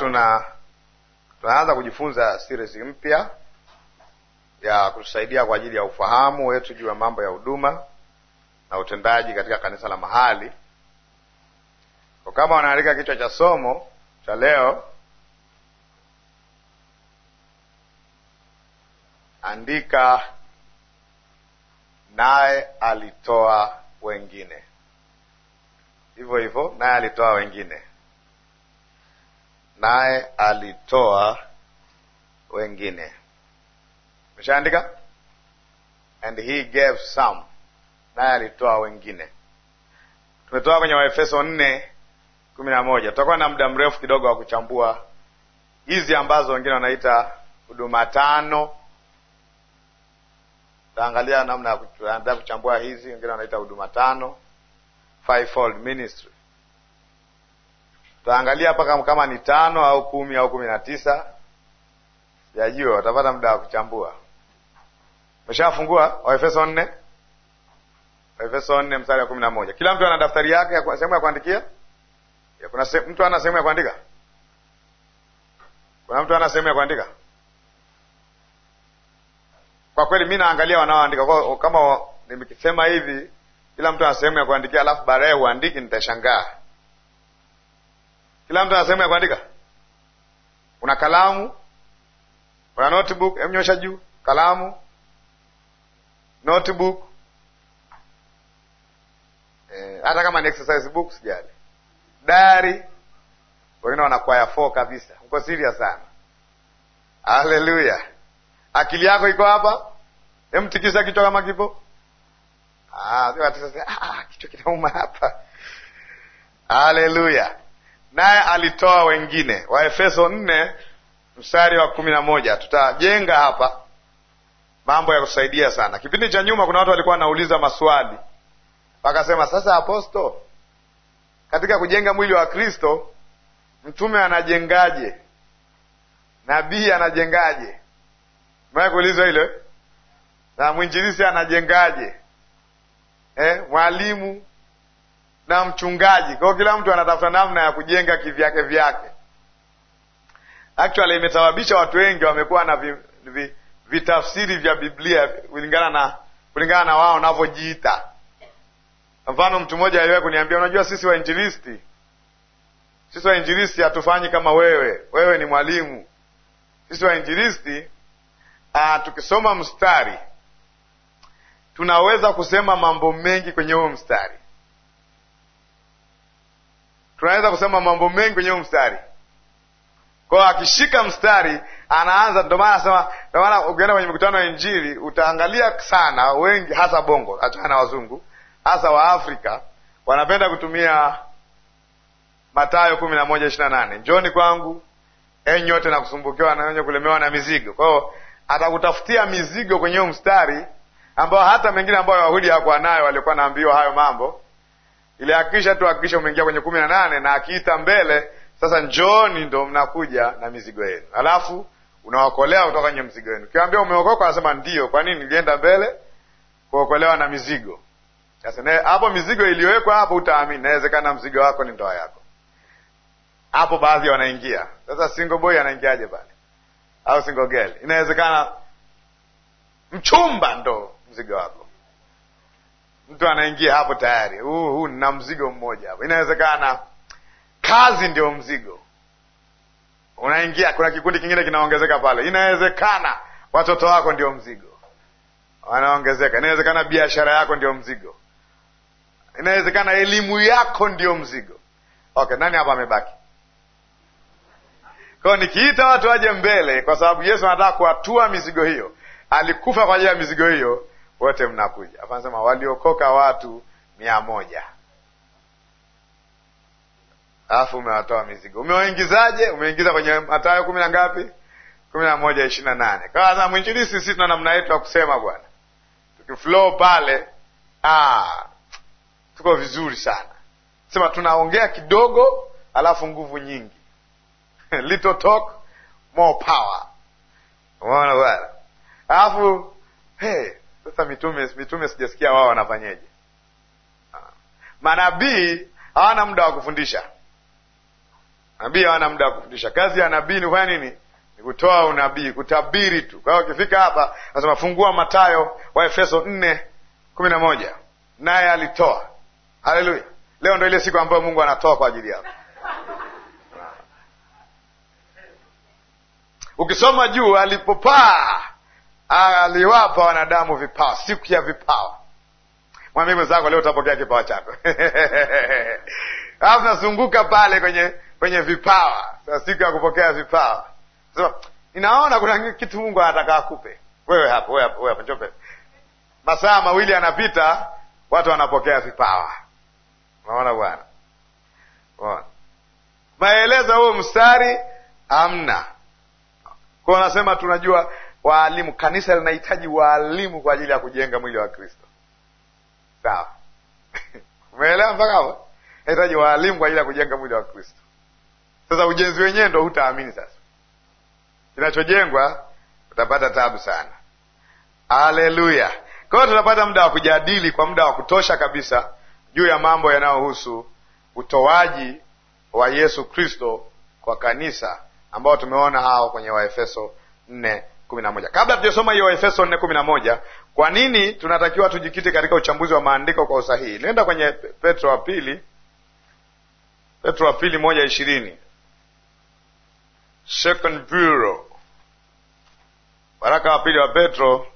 tuna tunaanza kujifunza series mpya ya kutusaidia kwa ajili ya ufahamu wetu juu ya mambo ya huduma na utendaji katika kanisa la mahali. Kwa kama wanaandika kichwa cha somo cha leo, andika naye alitoa wengine, hivyo hivyo, naye alitoa wengine naye alitoa wengine. Umeshaandika? And he gave some, naye alitoa wengine. Tumetoa kwenye Waefeso nne kumi na moja. Tutakuwa na muda mrefu kidogo wa kuchambua hizi ambazo wengine wanaita huduma tano. Taangalia namna ya kuchambua hizi, wengine wanaita huduma tano, fivefold ministry taangalia hapa kama ni tano au kumi au kumi na tisa, sijajua. Watapata muda wa kuchambua. Umeshafungua Waefeso nne, Waefeso nne mstari wa kumi na moja. Kila mtu ana daftari yake, sehemu ya kuandikia. Kuna mtu ana sehemu ya kuandika? Kuna mtu ana sehemu ya kuandika? Kwa kweli mi naangalia wanaoandika, kama nimekisema hivi, kila mtu ana sehemu ya kuandikia, alafu baadaye huandiki, nitashangaa. Kila mtu ana sehemu ya kuandika. kuna kalamu, kuna notebook, emnyosha juu, kalamu, notebook. Eh, hata kama ni exercise books sijali. dari Wengine wanakwaya four kabisa. uko serious sana. Haleluya. Akili yako iko hapa? Hem, tikisa kichwa kama kipo. Ah, sasa ah, ah, kichwa kinauma hapa. Haleluya naye alitoa wengine. Waefeso nne mstari wa kumi na moja. Tutajenga hapa mambo ya kusaidia sana. Kipindi cha nyuma kuna watu walikuwa wanauliza maswali wakasema, sasa aposto, katika kujenga mwili wa Kristo mtume anajengaje? Nabii anajengaje? Mwae kuulizwa hilo na mwinjilisi anajengaje? Eh, mwalimu na mchungaji. Kwa hiyo kila mtu anatafuta namna ya kujenga kivyake vyake. Actually imesababisha watu wengi wamekuwa na vi, vi, vitafsiri vya Biblia kulingana na kulingana na wao wanavyojiita. Mfano, mtu mmoja aliwahi kuniambia, unajua sisi wainjilisti, sisi wainjilisti hatufanyi kama wewe, wewe ni mwalimu. Sisi wainjilisti ah, tukisoma mstari tunaweza kusema mambo mengi kwenye huo mstari tunaweza kusema mambo mengi kwenye huu mstari. Kwa akishika mstari anaanza, ndo maana anasema, ndo maana ukienda kwenye mikutano ya Injili utaangalia sana, wengi hasa Bongo, achana na wazungu, hasa wa Afrika wanapenda kutumia Mathayo kumi na moja ishirini na nane njoni kwangu enyi nyote nakusumbukiwa na wenye kulemewa na mizigo. Kwa hiyo atakutafutia mizigo kwenye huu mstari ambao hata mengine ambayo Wayahudi hawakuwa nayo, walikuwa naambiwa hayo mambo ile akisha tu akisha umeingia kwenye kumi na nane na akiita mbele sasa, njoni ndo mnakuja na mizigo yenu, alafu unawakolea kutoka kwenye mzigo wenu. Ukiwaambia umeokoka, anasema ndio. Kwa nini? Nilienda mbele kuokolewa na mizigo. hapo mizigo iliyowekwa hapo, utaamini. nawezekana mzigo wako ni ndoa yako. Hapo baadhi wanaingia sasa. Single boy anaingiaje pale, au single girl? Inawezekana mchumba ndo mzigo wako mtu anaingia hapo tayari, huu nina mzigo mmoja hapo. Inawezekana kazi ndio mzigo, unaingia kuna kikundi kingine kinaongezeka pale. Inawezekana watoto wako ndio mzigo, wanaongezeka. Inawezekana biashara yako ndio mzigo, inawezekana elimu yako ndio mzigo. Okay, nani hapa amebaki? Kwao nikiita watu waje mbele, kwa sababu Yesu anataka kuatua mizigo hiyo. Alikufa kwa ajili ya mizigo hiyo, wote mnakuja. Hapa waliokoka watu mia moja alafu umewatoa mizigo, umewaingizaje? Umeingiza kwenye Mathayo kumi na ngapi? kumi na moja ishirini na nane Kaza mwinjilisi, sisi tuna namna yetu ya kusema bwana, tukiflow pale ah, tuko vizuri sana. Sema tunaongea kidogo, alafu nguvu nyingi little talk more power, umeona bwana. Alafu hey, sasa mitume mitume sijasikia wao wanafanyeje. Manabii hawana muda wa kufundisha, nabii hawana muda wa kufundisha. Kazi ya nabii ni kufanya nini? Ni kutoa unabii, kutabiri tu. Kwa hiyo ukifika hapa, nasema fungua matayo wa Efeso nne kumi na moja, naye alitoa. Haleluya! Leo ndo ile siku ambayo Mungu anatoa kwa ajili yako. Ukisoma juu, alipopaa aliwapa wanadamu vipawa, siku ya vipawa. Mwambie mwenzako leo utapokea kipawa chako. Alafu nazunguka pale kwenye kwenye vipawa, siku ya kupokea vipawa. So, inaona kuna kitu Mungu anataka akupe wewe hapo, wewe hapo, wewe hapo, Masaa mawili anapita watu wanapokea vipawa. Unaona bwana, unaona maelezo huo mstari hamna kwa, wanasema tunajua waalimu. Kanisa linahitaji waalimu kwa ajili ya kujenga mwili wa Kristo, sawa? Umeelewa mpaka hapo? nahitaji waalimu kwa ajili ya kujenga mwili wa Kristo. Sasa ujenzi wenyewe ndo hutaamini. Sasa kinachojengwa utapata tabu sana. aleluya Kwa hiyo tutapata muda wa kujadili kwa muda wa kutosha kabisa juu ya mambo yanayohusu utoaji wa Yesu Kristo kwa kanisa ambao tumeona hao kwenye Waefeso nne kumi na moja kabla tujasoma hiyo Efeso nne kumi na moja kwa nini tunatakiwa tujikite katika uchambuzi wa maandiko kwa usahihi? Nenda kwenye Petro wa pili, Petro wa pili moja ishirini second bureau, baraka wa pili wa Petro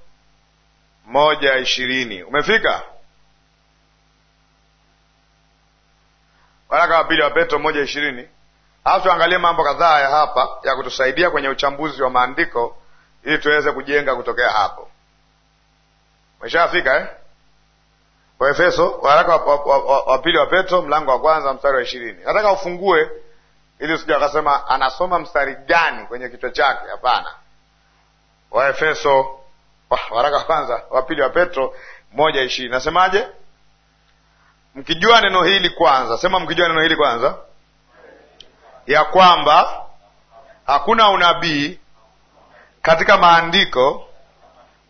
moja ishirini Umefika? baraka wa pili wa Petro moja ishirini Alafu tuangalie mambo kadhaa ya hapa ya kutusaidia kwenye uchambuzi wa maandiko ili tuweze kujenga kutokea hapo. Umeshafika eh? Kwa Efeso, waraka wa pili wa Petro mlango wa kwanza mstari wa ishirini. Nataka ufungue ili usija akasema anasoma mstari gani kwenye kichwa chake. Hapana, wa Efeso waraka wa kwanza wa pili wa Petro moja ishirini, nasemaje? Mkijua neno hili kwanza, sema mkijua neno hili kwanza, ya kwamba hakuna unabii katika maandiko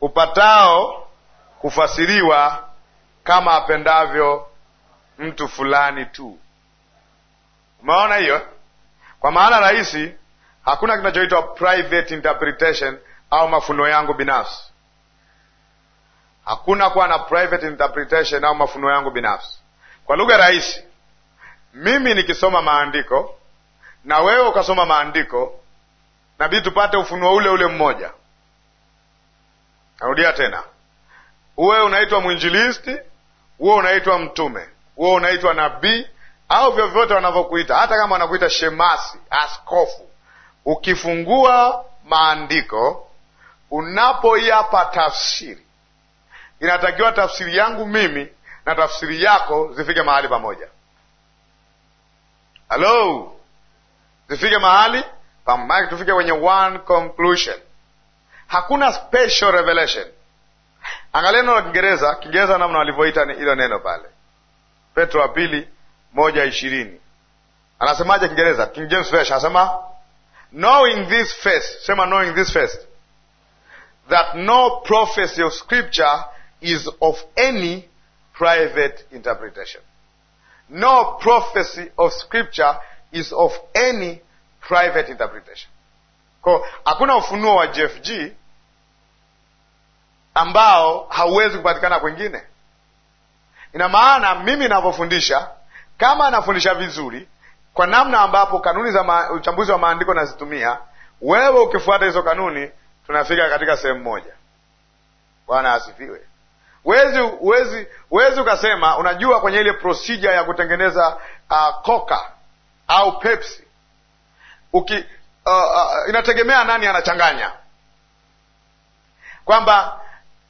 upatao kufasiriwa kama apendavyo mtu fulani tu. Umeona hiyo? Kwa maana rahisi, hakuna kinachoitwa private interpretation au mafunuo yangu binafsi. Hakuna kuwa na private interpretation au mafunuo yangu binafsi. Kwa lugha rahisi, mimi nikisoma maandiko na wewe ukasoma maandiko nabii tupate ufunuo ule ule mmoja. Narudia tena, uwe unaitwa mwinjilisti, uwe unaitwa mtume, uwe unaitwa nabii au vyovyote wanavyokuita, hata kama wanakuita shemasi, askofu, ukifungua maandiko unapoiapa tafsiri, inatakiwa tafsiri yangu mimi na tafsiri yako zifike mahali pamoja. Halo, zifike mahali pamoja, tufike kwenye one conclusion. Hakuna special revelation. Angalia neno la Kiingereza, Kiingereza namna walivyoita hilo neno pale, Petro wa pili moja ishirini anasemaje Kiingereza? King James Version anasema knowing this first, sema knowing this first that no prophecy of scripture is of any private interpretation. No prophecy of scripture is of any private interpretation. ko hakuna ufunuo wa JFG ambao hauwezi kupatikana kwingine. Ina maana mimi navyofundisha, kama anafundisha vizuri kwa namna ambapo kanuni za ma, uchambuzi wa maandiko nazitumia, wewe ukifuata hizo kanuni, tunafika katika sehemu moja. Bwana asifiwe. Wezi wezi wezi ukasema unajua, kwenye ile procedure ya kutengeneza uh, koka au Pepsi uki uh, uh, inategemea nani anachanganya, kwamba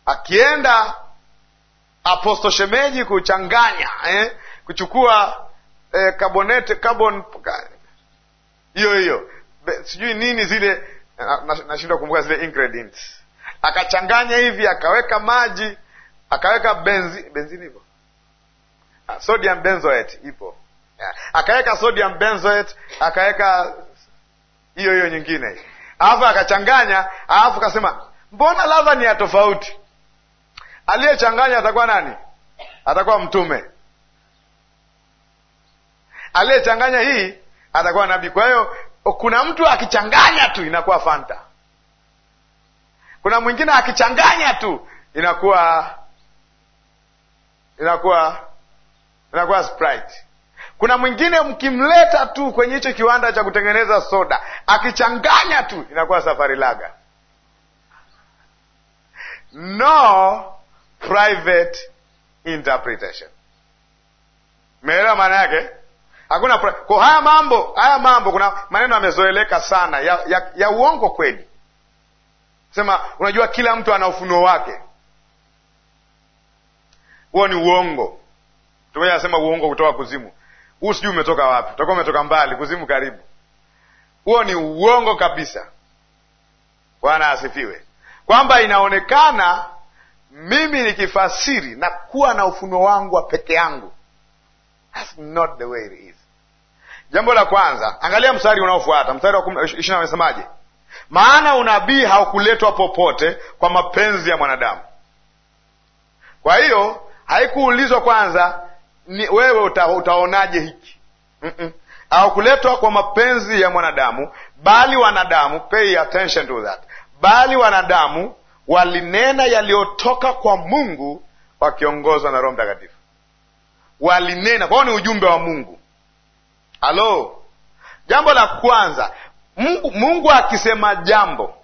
akienda aposto shemeji kuchanganya eh, kuchukua eh, kabonete carbon hiyo hiyo sijui nini zile, nashindwa na kumbuka zile ingredients, akachanganya hivi akaweka maji akaweka benzi, benzini hivyo ah, sodium benzoate ipo, akaweka sodium benzoate akaweka hiyo hiyo nyingine, alafu akachanganya, alafu kasema mbona ladha ni ya tofauti. Aliyechanganya atakuwa nani? Atakuwa mtume. Aliyechanganya hii atakuwa nabii. Kwa hiyo kuna mtu akichanganya tu inakuwa Fanta, kuna mwingine akichanganya tu inakuwa inakuwa inakuwa Sprite. Kuna mwingine mkimleta tu kwenye hicho kiwanda cha kutengeneza soda, akichanganya tu inakuwa safari laga. No private interpretation. Meelewa maana yake? Hakuna kwa haya mambo, haya mambo kuna maneno yamezoeleka sana ya, ya, ya uongo kweli. Sema unajua kila mtu ana ufunuo wake. Huo ni uongo. Tumeja anasema uongo kutoka kuzimu huu sijui umetoka wapi, utakuwa umetoka mbali, kuzimu karibu. Huo ni uongo kabisa. Bwana asifiwe, kwamba inaonekana mimi nikifasiri na kuwa na ufunuo wangu wa peke yangu. That's not the way it is. Jambo la kwanza, angalia mstari unaofuata, mstari wa ishirini amesemaje? Maana unabii haukuletwa popote kwa mapenzi ya mwanadamu. Kwa hiyo haikuulizwa kwanza ni wewe uta, utaonaje hiki mm -mm. au kuletwa kwa mapenzi ya mwanadamu, bali wanadamu, pay attention to that, bali wanadamu walinena yaliyotoka kwa Mungu wakiongozwa na Roho Mtakatifu. Walinena kwao, ni ujumbe wa Mungu. Halo, jambo la kwanza, Mungu, Mungu akisema jambo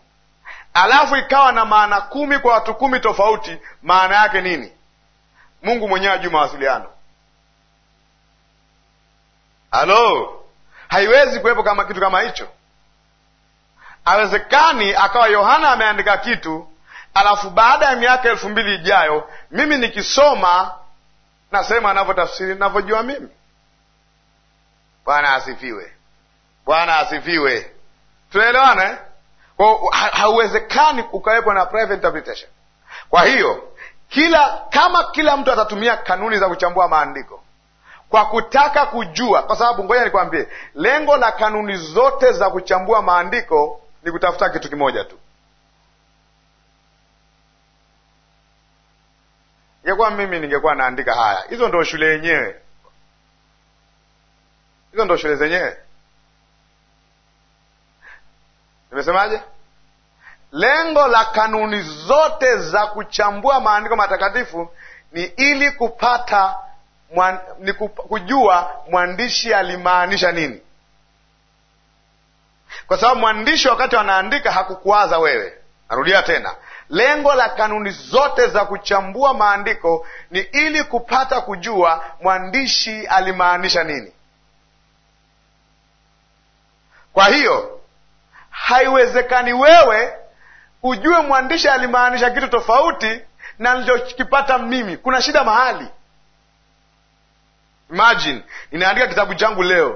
alafu ikawa na maana kumi kwa watu kumi tofauti, maana yake nini? Mungu mwenyewe ajuu mawasiliano Halo, haiwezi kuwepo kama kitu kama hicho. Awezekani akawa Yohana ameandika kitu alafu baada ya miaka elfu mbili ijayo mimi nikisoma nasema navyotafsiri navyojua mimi. Bwana asifiwe, Bwana asifiwe. Tunaelewana eh? Hauwezekani ukawepo na private interpretation. Kwa hiyo kila kama kila mtu atatumia kanuni za kuchambua maandiko kwa kutaka kujua, kwa sababu ngoja nikwambie, lengo la kanuni zote za kuchambua maandiko ni kutafuta kitu kimoja tu. Ingekuwa mimi ningekuwa naandika haya, hizo ndo shule yenyewe, hizo ndo shule zenyewe. Nimesemaje? Lengo la kanuni zote za kuchambua maandiko matakatifu ni ili kupata mwan, ni kujua mwandishi alimaanisha nini, kwa sababu mwandishi wakati wanaandika hakukuwaza wewe. Narudia tena, lengo la kanuni zote za kuchambua maandiko ni ili kupata kujua mwandishi alimaanisha nini. Kwa hiyo haiwezekani wewe ujue mwandishi alimaanisha kitu tofauti na nilichokipata mimi. Kuna shida mahali. Imagine ninaandika kitabu changu leo,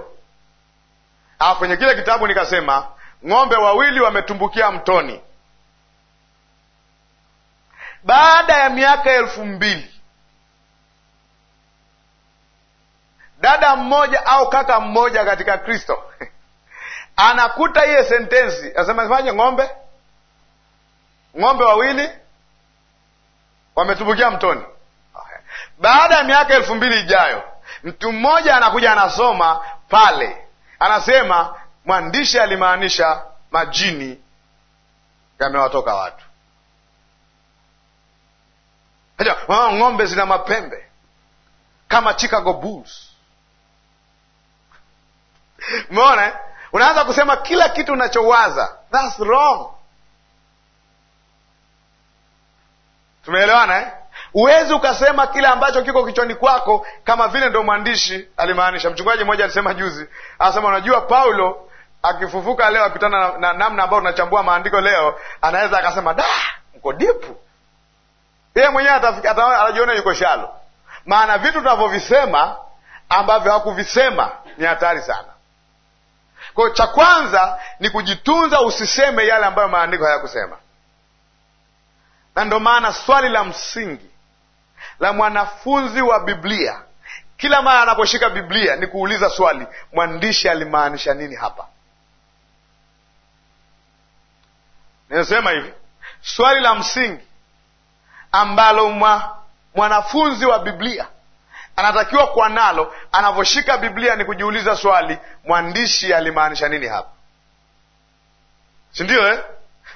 alafu ah, kwenye kile kitabu nikasema ng'ombe wawili wametumbukia mtoni. Baada ya miaka elfu mbili dada mmoja au kaka mmoja katika Kristo anakuta hiye sentensi, anasema Ng'ombe ng'ombe wawili wametumbukia mtoni. Baada ya miaka elfu mbili ijayo Mtu mmoja anakuja anasoma pale, anasema mwandishi alimaanisha majini yamewatoka watu, ng'ombe zina mapembe kama Chicago Bulls. Umeona, unaanza kusema kila kitu unachowaza. That's wrong. Tumeelewana eh? Huwezi ukasema kile ambacho kiko kichwani kwako, kama vile ndo mwandishi alimaanisha. Mchungaji mmoja alisema juzi, anasema unajua, Paulo akifufuka leo akutana na namna ambayo tunachambua maandiko leo, anaweza akasema da, mko dipu. Yeye mwenyewe atajiona yuko shalo, maana vitu tunavyovisema ambavyo hakuvisema ni hatari sana. Kwao cha kwanza ni kujitunza, usiseme yale ambayo maandiko hayakusema, na ndo maana swali la msingi la mwanafunzi wa Biblia kila mara anaposhika Biblia ni kuuliza swali, mwandishi alimaanisha nini hapa? Ninasema hivi, swali la msingi ambalo mwa, mwanafunzi wa Biblia anatakiwa kuwa nalo anavyoshika Biblia ni kujiuliza swali, mwandishi alimaanisha nini hapa, si ndio eh?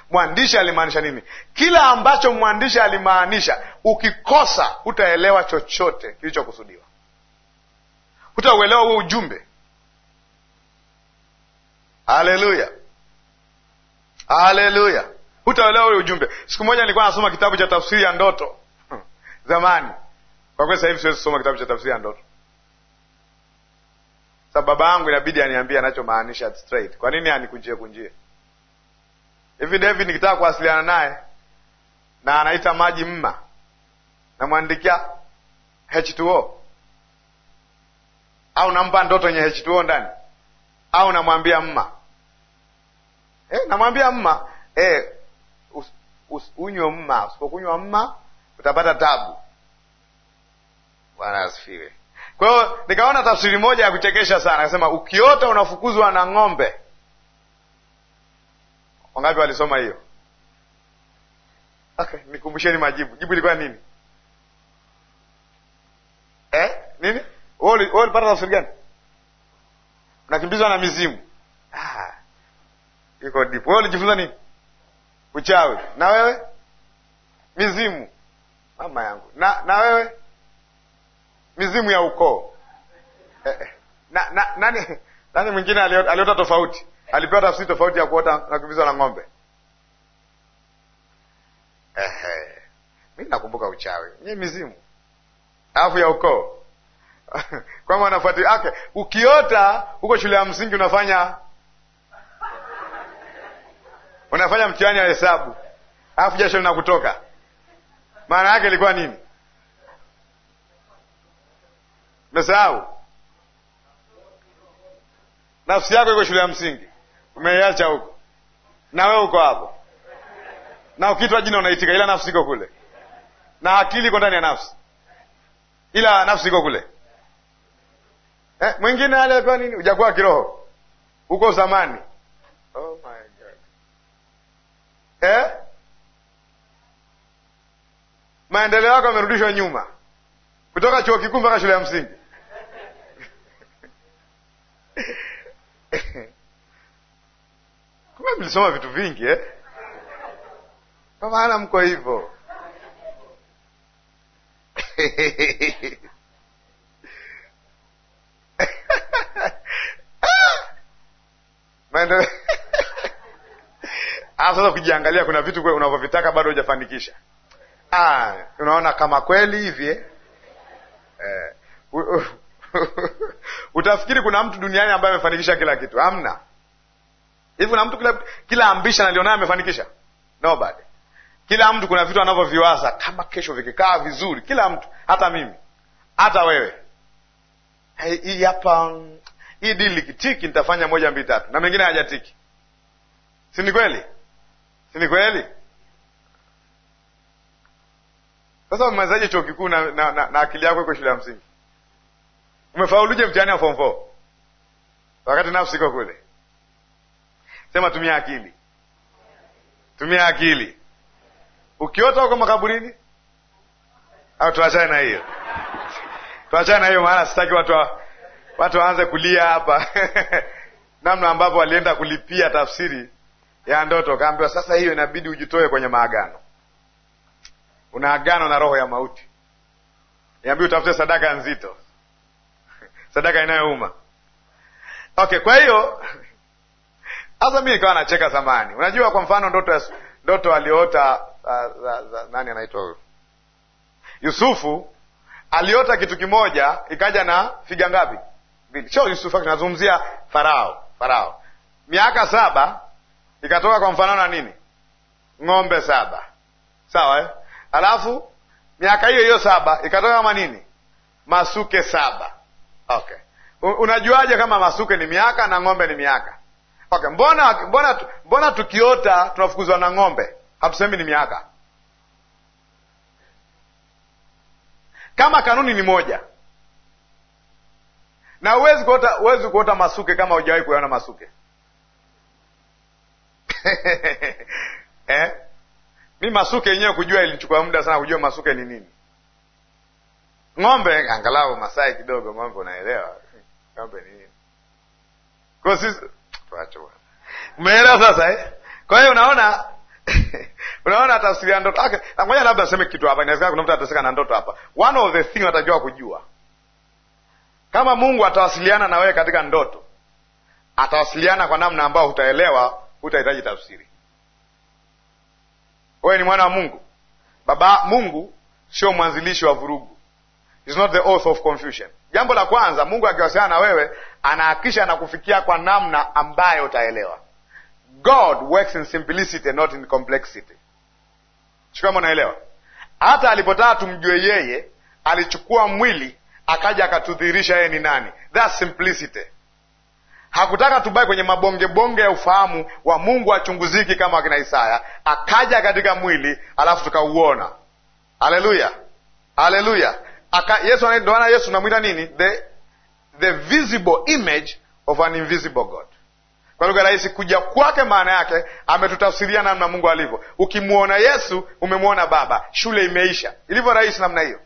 mwandishi alimaanisha nini? Kila ambacho mwandishi alimaanisha, ukikosa utaelewa chochote kilichokusudiwa, utauelewa huo ujumbe. Haleluya, haleluya, hutaelewa huo ujumbe. Siku moja nilikuwa nasoma kitabu cha tafsiri ya ndoto hmm. zamani. Kwa kweli, siwezi kusoma kitabu cha tafsiri ya ndoto sababu baba yangu inabidi aniambie anachomaanisha straight. Kwa nini anikunjie kunjie, kunjie? hivi David nikitaka kuwasiliana naye na anaita maji mma, namwandikia H2O au nampa ndoto yenye H2O ndani au namwambia mma eh, namwambia mma eh, unywe mma. Usipokunywa mma utapata tabu. Bwana asifiwe. Kwa hiyo nikaona tafsiri moja ya kuchekesha sana, akasema ukiota unafukuzwa na ng'ombe Wangapi walisoma hiyo? Okay, nikumbusheni majibu. Jibu ilikuwa nini? Eh? Nini? Wewe ulipata tafsiri gani? Unakimbizwa na mizimu. Ah. Iko deep. Wewe ulijifunza nini? Uchawi. Na wewe? Mizimu. Mama yangu. Na na wewe? Mizimu ya ukoo. Eh, eh. Na, na nani nani mwingine aliota tofauti? alipewa tafsiri tofauti ya kuota na kukimbizwa na ng'ombe. Ehe, mi nakumbuka uchawi nye mizimu alafu ya ukoo kwama anafuatilia okay. Ukiota huko shule ya msingi unafanya unafanya mtihani wa hesabu alafu jasho linakutoka, maana yake ilikuwa nini? Mesahau nafsi yako iko shule ya msingi umeiacha huko na wewe uko hapo, na ukitwa jina unaitika, ila nafsi iko kule, na akili iko ndani ya nafsi, ila nafsi iko kule. Eh, mwingine ale alipewa nini? Ujakuwa kiroho uko zamani. Oh my God. Eh? maendeleo yako yamerudishwa nyuma kutoka chuo kikuu mpaka shule ya msingi Kumbe mlisoma vitu vingi eh? Kwa maana mko hivyo ah, Sasa ukijiangalia kuna vitu unavyovitaka bado hujafanikisha. Ah, unaona kama kweli hivi eh? eh. Utafikiri kuna mtu duniani ambaye amefanikisha kila kitu. Hamna hivi. Kuna mtu kila, kila ambisha alionayo amefanikisha? Nobody. Kila mtu kuna vitu anavyoviwaza, kama kesho vikikaa vizuri, kila mtu, hata mimi, hata wewe, hii hapa hii dili kitiki, nitafanya moja mbili tatu, na mengine hajatiki. Si ni kweli? Si ni kweli? Sasa umemalizaje chuo kikuu na, na, na, na akili yako iko shule ya msingi? Umefauluje mtihani wa form four wakati nafsi iko kule? Sema tumia akili, tumia akili. Ukiota uko makaburini au tuachane na hiyo, tuachane na hiyo, maana sitaki watu watu waanze kulia hapa namna ambavyo walienda kulipia tafsiri ya ndoto, kaambiwa sasa hiyo inabidi ujitoe kwenye maagano, una agano na roho ya mauti, iambi utafute sadaka nzito, sadaka inayouma. Okay, kwa hiyo sasa mi ikawa nacheka zamani. Unajua, kwa mfano ndoto ndoto aliota uh, nani anaitwa huyo Yusufu aliota kitu kimoja, ikaja na figa ngapi? Sio Yusufu, tunazungumzia Farao. Farao miaka saba, ikatoka kwa mfano na nini, ng'ombe saba, sawa eh? Alafu miaka hiyo hiyo saba ikatoka kama nini, masuke saba. Okay, unajuaje kama masuke ni miaka na ng'ombe ni miaka? okay. Mbona, mbona, mbona tukiota tunafukuzwa na ng'ombe? Hatusemi ni miaka, kama kanuni ni moja na huwezi kuota, huwezi kuota masuke kama hujawahi kuyaona masuke eh? Mi masuke yenyewe kujua ilichukua muda sana kujua masuke ni nini. Ng'ombe angalau Masai kidogo, ng'ombe unaelewa ng'ombe ni nini. Kwa sisi tuache bwana. Umeelewa sasa eh? Kwa hiyo unaona unaona tafsiri ya ndoto. Okay, na ngoja labda aseme kitu hapa. Inawezekana kuna mtu ataseka na ndoto hapa. One of the thing unatakiwa kujua. Kama Mungu atawasiliana na wewe katika ndoto, atawasiliana kwa namna ambayo hutaelewa, hutahitaji tafsiri. Wewe ni mwana wa Mungu. Baba Mungu sio mwanzilishi wa vurugu. Is not the author of confusion. Jambo la kwanza, Mungu akiwasiliana na wewe anaakisha na kufikia kwa namna ambayo utaelewa. God works in simplicity not in complexity. unaelewa. Hata alipotaka tumjue yeye, alichukua mwili akaja akatudhihirisha yeye ni nani. That's simplicity. Hakutaka tubai kwenye mabongebonge ya ufahamu wa Mungu achunguziki kama wakina Isaya. Akaja katika mwili alafu tukauona. Haleluya, haleluya. Aka, Yesu ndio Yesu namwita nini? The, the visible image of an invisible God. Kwa lugha rahisi, kuja kwake maana yake ametutafsiria namna Mungu alivyo. Ukimwona Yesu umemwona Baba, shule imeisha. Ilivyo rahisi namna hiyo.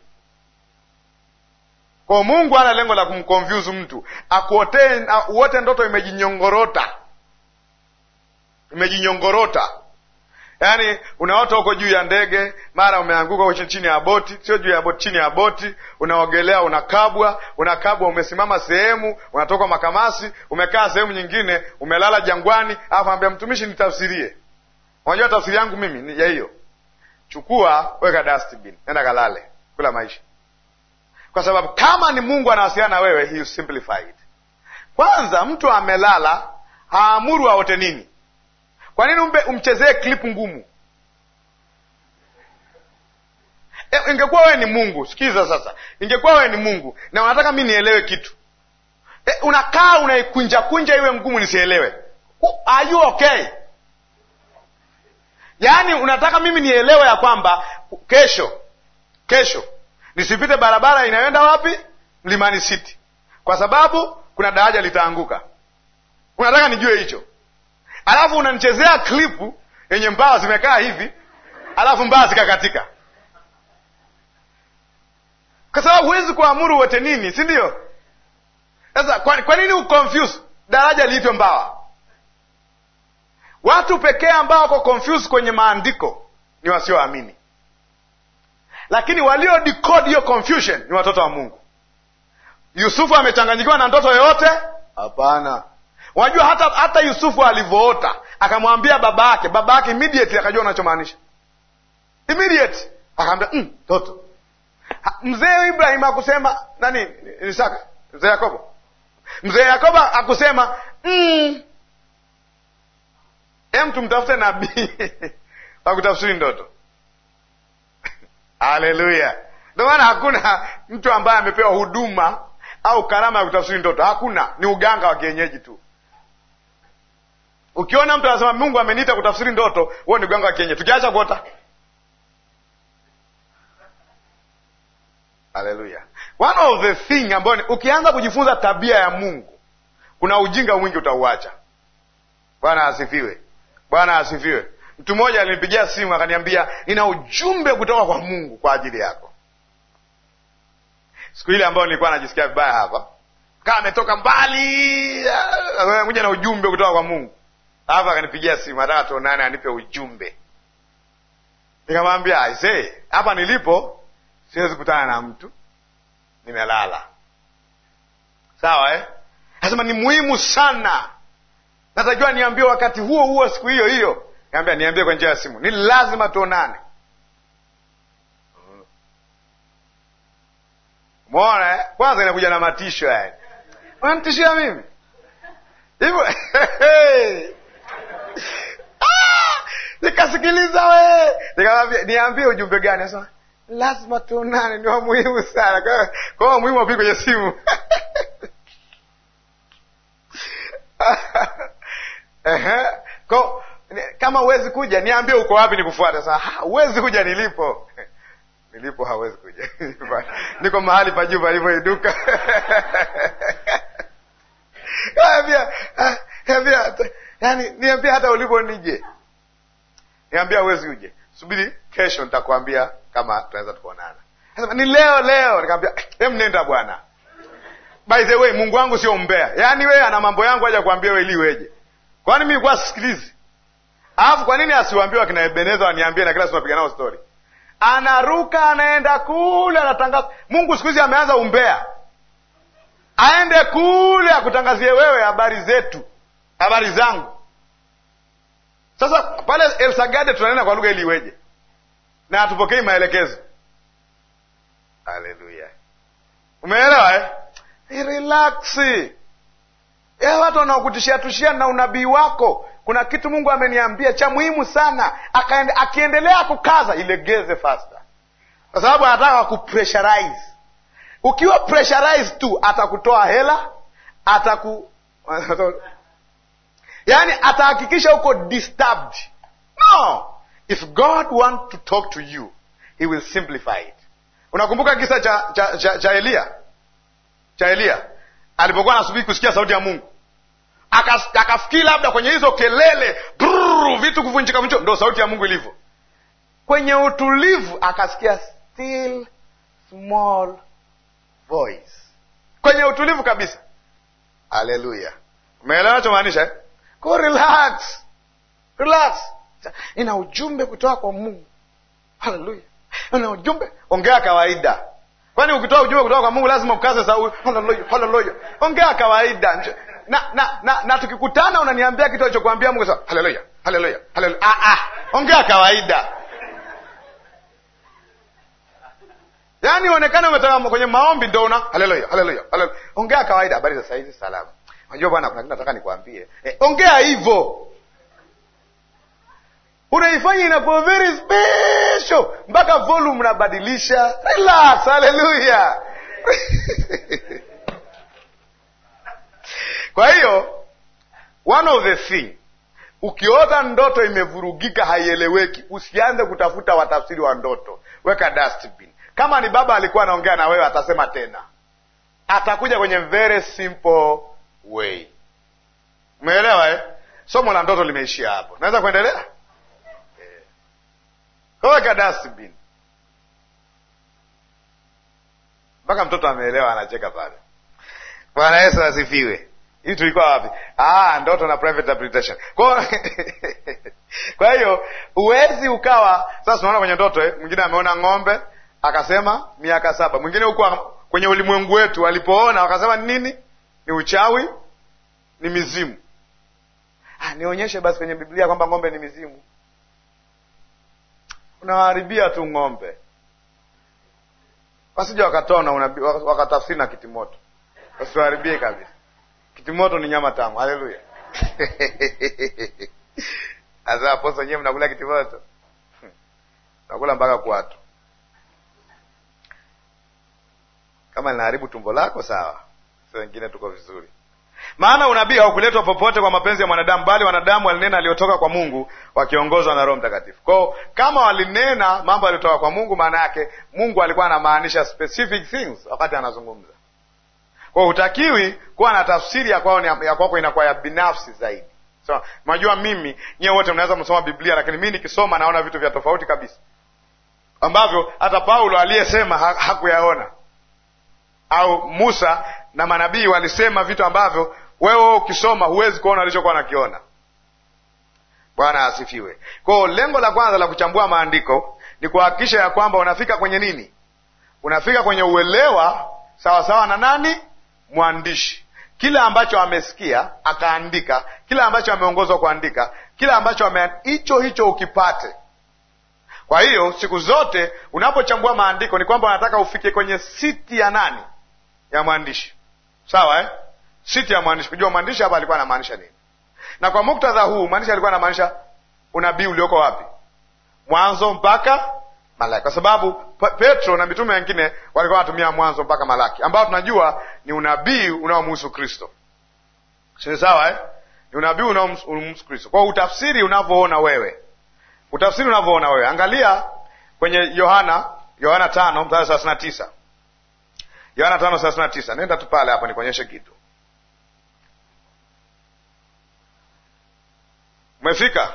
Kwa Mungu ana lengo la kumconfuse mtu, akuotee uote ndoto imejinyongorota, imejinyongorota Yaani unaota uko juu ya ndege, mara umeanguka uko chini ya boti, sio juu ya boti, chini ya boti, unaogelea, unakabwa, unakabwa, umesimama sehemu, unatoka makamasi, umekaa sehemu nyingine, umelala jangwani, alafu ambia mtumishi nitafsirie. Unajua tafsiri yangu mimi ni ya hiyo. Chukua, weka dustbin, nenda kalale, kula maisha. Kwa sababu kama ni Mungu anawasiliana na wewe, he simplified. Kwanza mtu amelala, haamuru aote nini? Kwa nini umbe umchezee klipu ngumu? E, ingekuwa wewe ni Mungu, sikiza sasa, ingekuwa wewe ni Mungu na unataka mi nielewe kitu e, unakaa unaikunjakunja iwe ngumu nisielewe. Are you okay? Yaani unataka mimi nielewe ya kwamba kesho kesho nisipite barabara inayoenda wapi? Mlimani City, kwa sababu kuna daraja litaanguka. Unataka nijue hicho? alafu unanichezea klipu yenye mbawa zimekaa hivi, alafu mbawa zikakatika, kwa sababu huwezi kuamuru wote nini, si ndio? Sasa kwa, kwa nini uconfuse daraja lilivyo mbawa? Watu pekee ambao wako confuse kwenye maandiko ni wasioamini, lakini walio decode hiyo confusion ni watoto wa Mungu. Yusufu amechanganyikiwa na ndoto yoyote? Hapana. Wajua hata hata Yusufu alivyoota akamwambia baba yake, baba yake immediately akajua anachomaanisha immediate, akaambia mm, toto mzee Ibrahim akusema nani, Isaka mzee Yakobo, mzee Yakobo akusema mm, em, tumtafute nabii wakutafsiri ndoto. Haleluya! Ndio maana hakuna mtu ambaye amepewa huduma au karama ya kutafsiri ndoto, hakuna. Ni uganga wa kienyeji tu. Ukiona mtu anasema Mungu ameniita kutafsiri ndoto, wewe ndugu yangu akienye, tukiacha kuota. Haleluya! One of the thing ambayo ni ukianza kujifunza tabia ya Mungu, kuna ujinga mwingi utauacha. Bwana asifiwe, Bwana asifiwe. Mtu mmoja alinipigia simu akaniambia, nina ujumbe kutoka kwa Mungu kwa ajili yako. Siku ile ambayo nilikuwa najisikia vibaya hapa, kaa ametoka mbali, eh, kuja na ujumbe kutoka kwa Mungu alafu akanipigia simu, nataka tuonane, anipe ujumbe. Nikamwambia aisee, hapa nilipo siwezi kutana na mtu, nimelala. Sawa eh? Anasema ni muhimu sana, natakiwa niambie wakati huo huo, siku hiyo hiyo. Niambia niambie kwa njia ya simu, ni lazima tuonane. Mwona eh? Kwanza inakuja na matisho yani, unanitishia mimi hivyo Ah! Nikasikiliza we, nikamwambia niambie ujumbe gani? Anasema lazima tuonane, ni wamuhimu muhimu sana. Kwa hiyo muhimu wapii kwenye simu Kwa, kama uwezi kuja niambie uko wapi, nikufuata. Sasa uwezi kuja nilipo nilipo, hawezi kuja niko mahali pa juu palivyoiduka yani niambia hata ulipo nije, niambia uwezi uje, subiri kesho nitakwambia kama tunaweza tukaonana. ni leo leo, nikaambia em nenda bwana. By the way, Mungu wangu sio mbea, yaani wee ana mambo yangu aja kuambia wewe weje, kwani mi kwa sikilizi. Alafu kwa nini asiwambia wakina Ebeneza waniambie, na kila sinapiga nao stori Anaruka, anaenda kule, anatangaza. Mungu siku hizi ameanza umbea, aende kule akutangazie wewe habari zetu habari zangu. Sasa pale Elsagade tunanena kwa lugha ili iweje, na hatupokei maelekezo. Haleluya, umeelewa eh? Relaksi eh, watu wanaokutishia tushia na unabii wako kuna kitu Mungu ameniambia cha muhimu sana, akiendelea kukaza, ilegeze fasta, kwa sababu anataka kupressurize. Ukiwa pressurize tu, atakutoa hela ataku yaani atahakikisha uko disturbed. No, if God want to talk to you he will simplify it. Unakumbuka kisa cha cha, cha, cha Elia cha Elia alipokuwa anasubiri kusikia sauti ya Mungu akafikiri aka labda kwenye hizo kelele brrr, vitu kuvunjika vunjika ndo sauti ya Mungu ilivyo. Kwenye utulivu akasikia still small voice, kwenye utulivu kabisa. aleluya Umeelewa nachomaanisha eh? Ko relax. Relax. Nina ujumbe kutoka kwa Mungu. Haleluya. ina ujumbe, ongea kawaida. Kwani ukitoa ujumbe kutoka kwa Mungu lazima ukaze sauti. Haleluya. Ongea kawaida. Na na na, na tukikutana unaniambia kitu alichokuambia Mungu sa Haleluya. Haleluya. Ah ah. Ongea kawaida. Yaani onekana umetoka kwenye maombi ndo una haleluya. Haleluya. Haleluya. Ongea kawaida habari za saizi salama najua bwana, kuna kitu nataka nikwambie. Eh, ongea hivyo, unaifanya inakuwa very special mpaka volume nabadilisha. Relax, haleluya kwa hiyo one of the thing ukiota ndoto imevurugika, haieleweki, usianze kutafuta watafsiri wa ndoto, weka dustbin. Kama ni baba alikuwa anaongea na wewe, atasema tena, atakuja kwenye very simple way. Umeelewa eh? Somo la ndoto limeishia hapo, naweza kuendelea eh. weka dustbin mpaka mtoto ameelewa, anacheka pale. Bwana Yesu asifiwe. Hii tulikuwa wapi? Ah, ndoto na private interpretation. Kwa kwa hiyo huwezi ukawa sasa, tunaona kwenye ndoto eh, mwingine ameona ng'ombe akasema miaka saba, mwingine huko kwenye ulimwengu wetu alipoona wakasema nini, ni uchawi, ni mizimu. Ha, ah, nionyeshe basi kwenye Biblia kwamba ng'ombe ni mizimu. Unawaharibia tu ng'ombe, wasija wakatona wakatafsiri na kitimoto, wasiwaharibie kabisa. Kitimoto ni nyama tamu. Haleluya! Asa nyewe mnakula kitimoto, nakula mpaka kwatu. Kama linaharibu tumbo lako, sawa wengine tuko vizuri. Maana unabii haukuletwa popote kwa mapenzi ya mwanadamu, bali wanadamu walinena aliyotoka kwa Mungu wakiongozwa na Roho Mtakatifu. Kwao kama walinena mambo aliyotoka kwa Mungu, maana yake Mungu alikuwa anamaanisha specific things wakati anazungumza. Kwao hutakiwi kuwa na tafsiri ya kwao ya kwako inakuwa ya binafsi zaidi. So, najua mimi nyewe wote mnaweza msoma Biblia, lakini mi nikisoma naona vitu vya tofauti kabisa ambavyo hata Paulo aliyesema hakuyaona au Musa na manabii walisema vitu ambavyo wewe ukisoma huwezi kuona alichokuwa nakiona. Bwana asifiwe. Kwao lengo la kwanza la kuchambua maandiko ni kuhakikisha ya kwamba unafika kwenye nini? Unafika kwenye uelewa sawasawa sawa na nani? Mwandishi. Kile ambacho amesikia akaandika, kile ambacho ameongozwa kuandika, kile ambacho ame hicho hicho ukipate. Kwa hiyo siku zote unapochambua maandiko ni kwamba unataka ufike kwenye siti ya nani? ya mwandishi sawa eh? siti ya mwandishi kujua mwandishi hapa alikuwa anamaanisha nini, na kwa muktadha huu mwandishi alikuwa anamaanisha unabii ulioko wapi? Mwanzo mpaka Malaki, kwa sababu Petro na mitume wengine walikuwa wanatumia Mwanzo mpaka Malaki, ambao tunajua ni unabii unaomhusu Kristo, si sawa eh? ni unabii unaomhusu Kristo. Kwa utafsiri unavyoona wewe, utafsiri unavyoona wewe, angalia kwenye Yohana, Yohana tano mstari thelathini na tisa Yohana tano thelathini na tisa. Nenda tu pale hapo nikuonyeshe kitu. Umefika?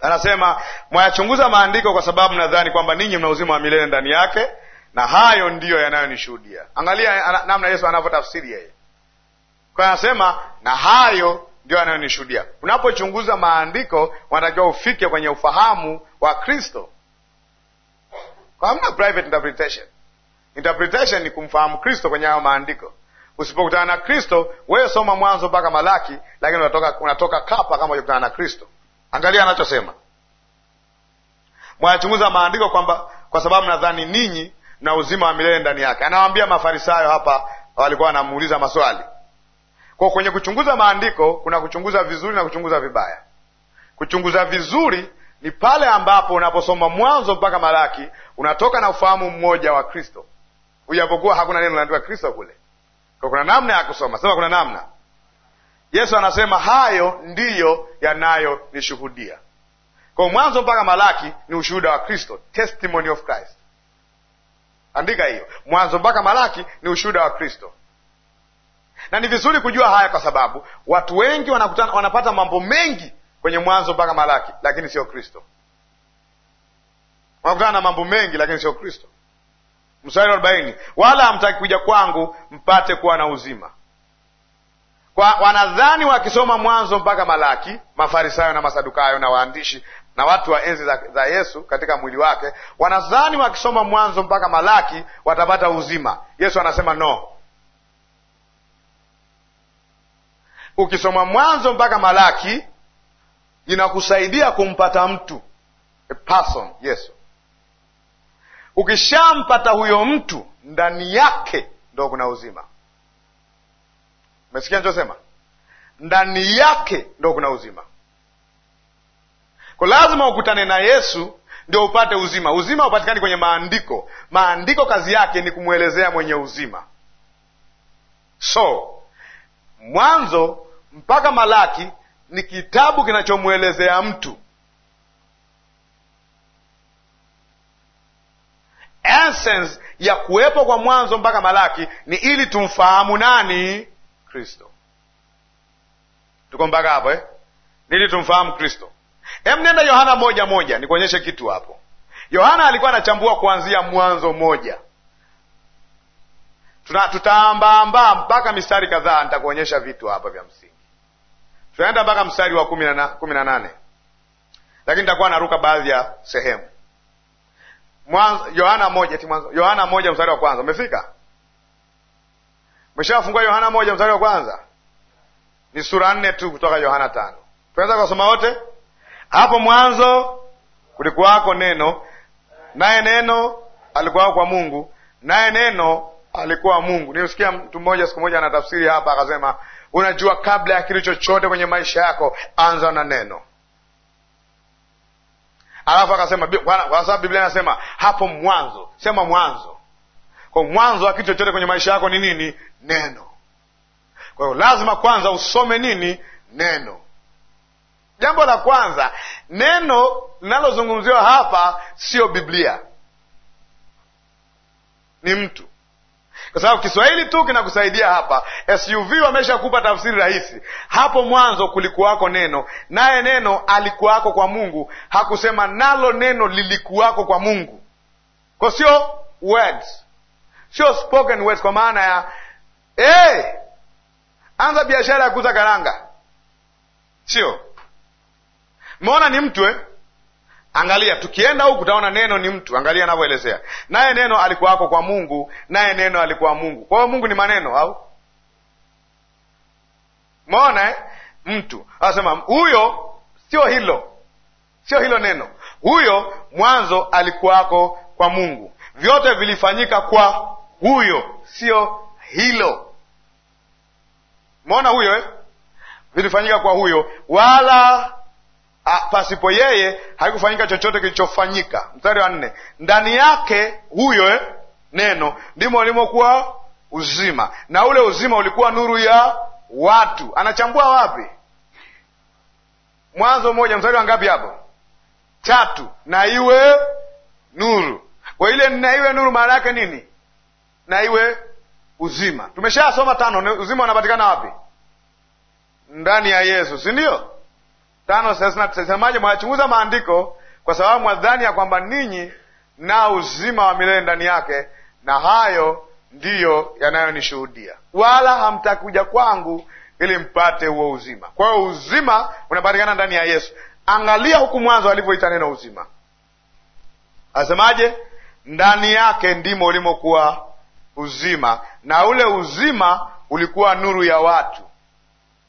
Anasema mwayachunguza maandiko kwa sababu nadhani kwamba ninyi mna uzima wa milele ndani yake, na hayo ndiyo yanayonishuhudia. Angalia ana, namna Yesu anavyotafsiri yeye, kwa anasema na hayo ndio yanayonishuhudia. Unapochunguza maandiko, unatakiwa ufike kwenye ufahamu wa Kristo, kwa hamna private interpretation. Interpretation ni kumfahamu Kristo kwenye hayo maandiko. Usipokutana na Kristo, wewe soma Mwanzo mpaka Malaki, lakini unatoka, unatoka kapa kama hujakutana na Kristo. Angalia anachosema mwanachunguza maandiko kwamba kwa sababu nadhani ninyi na uzima wa milele ndani yake. Anawaambia Mafarisayo hapa, walikuwa wanamuuliza maswali kwa kwenye kuchunguza maandiko. Kuna kuchunguza vizuri na kuchunguza vibaya. Kuchunguza vizuri ni pale ambapo unaposoma Mwanzo mpaka Malaki unatoka na ufahamu mmoja wa Kristo. Ujapokuwa hakuna neno linaandikwa Kristo kule, kwa kuna namna ya kusoma. Sema kuna namna. Yesu anasema hayo ndiyo yanayonishuhudia. Kwa mwanzo mpaka Malaki ni ushuhuda wa Kristo, testimony of Christ. Andika hiyo, mwanzo mpaka Malaki ni ushuhuda wa Kristo. Na ni vizuri kujua haya, kwa sababu watu wengi wanakutana, wanapata mambo mengi kwenye mwanzo mpaka Malaki, lakini sio Kristo. Wanakutana na mambo mengi, lakini sio Kristo mstari arobaini wala hamtaki kuja kwangu mpate kuwa na uzima. Kwa wanadhani wakisoma Mwanzo mpaka Malaki, Mafarisayo na Masadukayo na waandishi na watu wa enzi za, za Yesu katika mwili wake, wanadhani wakisoma Mwanzo mpaka Malaki watapata uzima. Yesu anasema no. Ukisoma Mwanzo mpaka Malaki inakusaidia kumpata mtu a person Yesu Ukishampata huyo mtu, ndani yake ndo kuna uzima. mesikia nichosema? Ndani yake ndo kuna uzima. Kwa lazima ukutane na Yesu ndio upate uzima. Uzima upatikani kwenye maandiko. Maandiko kazi yake ni kumwelezea mwenye uzima. So Mwanzo mpaka Malaki ni kitabu kinachomwelezea mtu essence ya kuwepo kwa Mwanzo mpaka Malaki ni ili tumfahamu nani? Kristo. Tuko mpaka hapo eh? Ili tumfahamu Kristo. Hem, nenda Yohana moja moja nikuonyeshe kitu hapo. Yohana alikuwa anachambua kuanzia Mwanzo moja tutaambaamba mpaka mistari kadhaa, nitakuonyesha vitu hapa vya msingi. Tunaenda mpaka mstari wa kumi na nane, lakini nitakuwa naruka baadhi ya sehemu. Mwanzo Yohana moja ti mwanzo Yohana moja mstari wa kwanza umefika? Umeshafungua Yohana moja mstari wa kwanza? Ni sura nne tu kutoka Yohana tano. Tunaweza kusoma wote hapo. Mwanzo kulikuwako neno, naye neno alikuwa kwa Mungu, naye neno alikuwa Mungu. Nilisikia mtu mmoja siku moja anatafsiri hapa akasema, unajua, kabla ya kitu chochote kwenye maisha yako, anza na neno alafu akasema kwa sababu Biblia inasema hapo mwanzo, sema mwanzo. Kwa mwanzo wa kitu chochote kwenye maisha yako ni nini? Neno. Kwa hiyo lazima kwanza usome nini? Neno. Jambo la kwanza, neno linalozungumziwa hapa sio Biblia, ni mtu kwa sababu Kiswahili tu kinakusaidia hapa. SUV wameshakupa tafsiri rahisi. Hapo mwanzo kulikuwako neno, naye neno alikuwako kwa Mungu. Hakusema nalo neno lilikuwako kwa Mungu, kwa sio words, sio spoken words, kwa maana ya hey, anza biashara ya kuuza karanga, sio meona ni mtu eh? Angalia, tukienda huku taona neno ni mtu. Angalia anavyoelezea, naye neno alikuwako kwa Mungu, naye neno alikuwa Mungu. Kwa hiyo Mungu ni maneno au mona eh? Mtu anasema huyo, sio hilo, sio hilo neno, huyo mwanzo alikuwako kwa Mungu, vyote vilifanyika kwa huyo, sio hilo. mona huyo eh? vilifanyika kwa huyo, wala Ah, pasipo yeye haikufanyika chochote kilichofanyika. Mstari wa nne, ndani yake huyo eh, neno ndimo alimokuwa uzima, na ule uzima ulikuwa nuru ya watu. Anachambua wapi? Mwanzo mmoja mstari wa ngapi hapo? Tatu, na iwe nuru. Kwa ile na iwe nuru maana yake nini? Na iwe uzima. Tumeshasoma tano. Uzima unapatikana wapi? Ndani ya Yesu, si ndio? tano thelathini na tisa isemaje? Mwayachunguza maandiko kwa sababu mwadhani ya kwamba ninyi na uzima wa milele ndani yake, na hayo ndiyo yanayonishuhudia. Wala hamtakuja kwangu ili mpate huo uzima. Kwa hiyo uzima unapatikana ndani ya Yesu. Angalia huku mwanzo alivyoita neno uzima, asemaje? Ndani yake ndimo ulimokuwa uzima, na ule uzima ulikuwa nuru ya watu.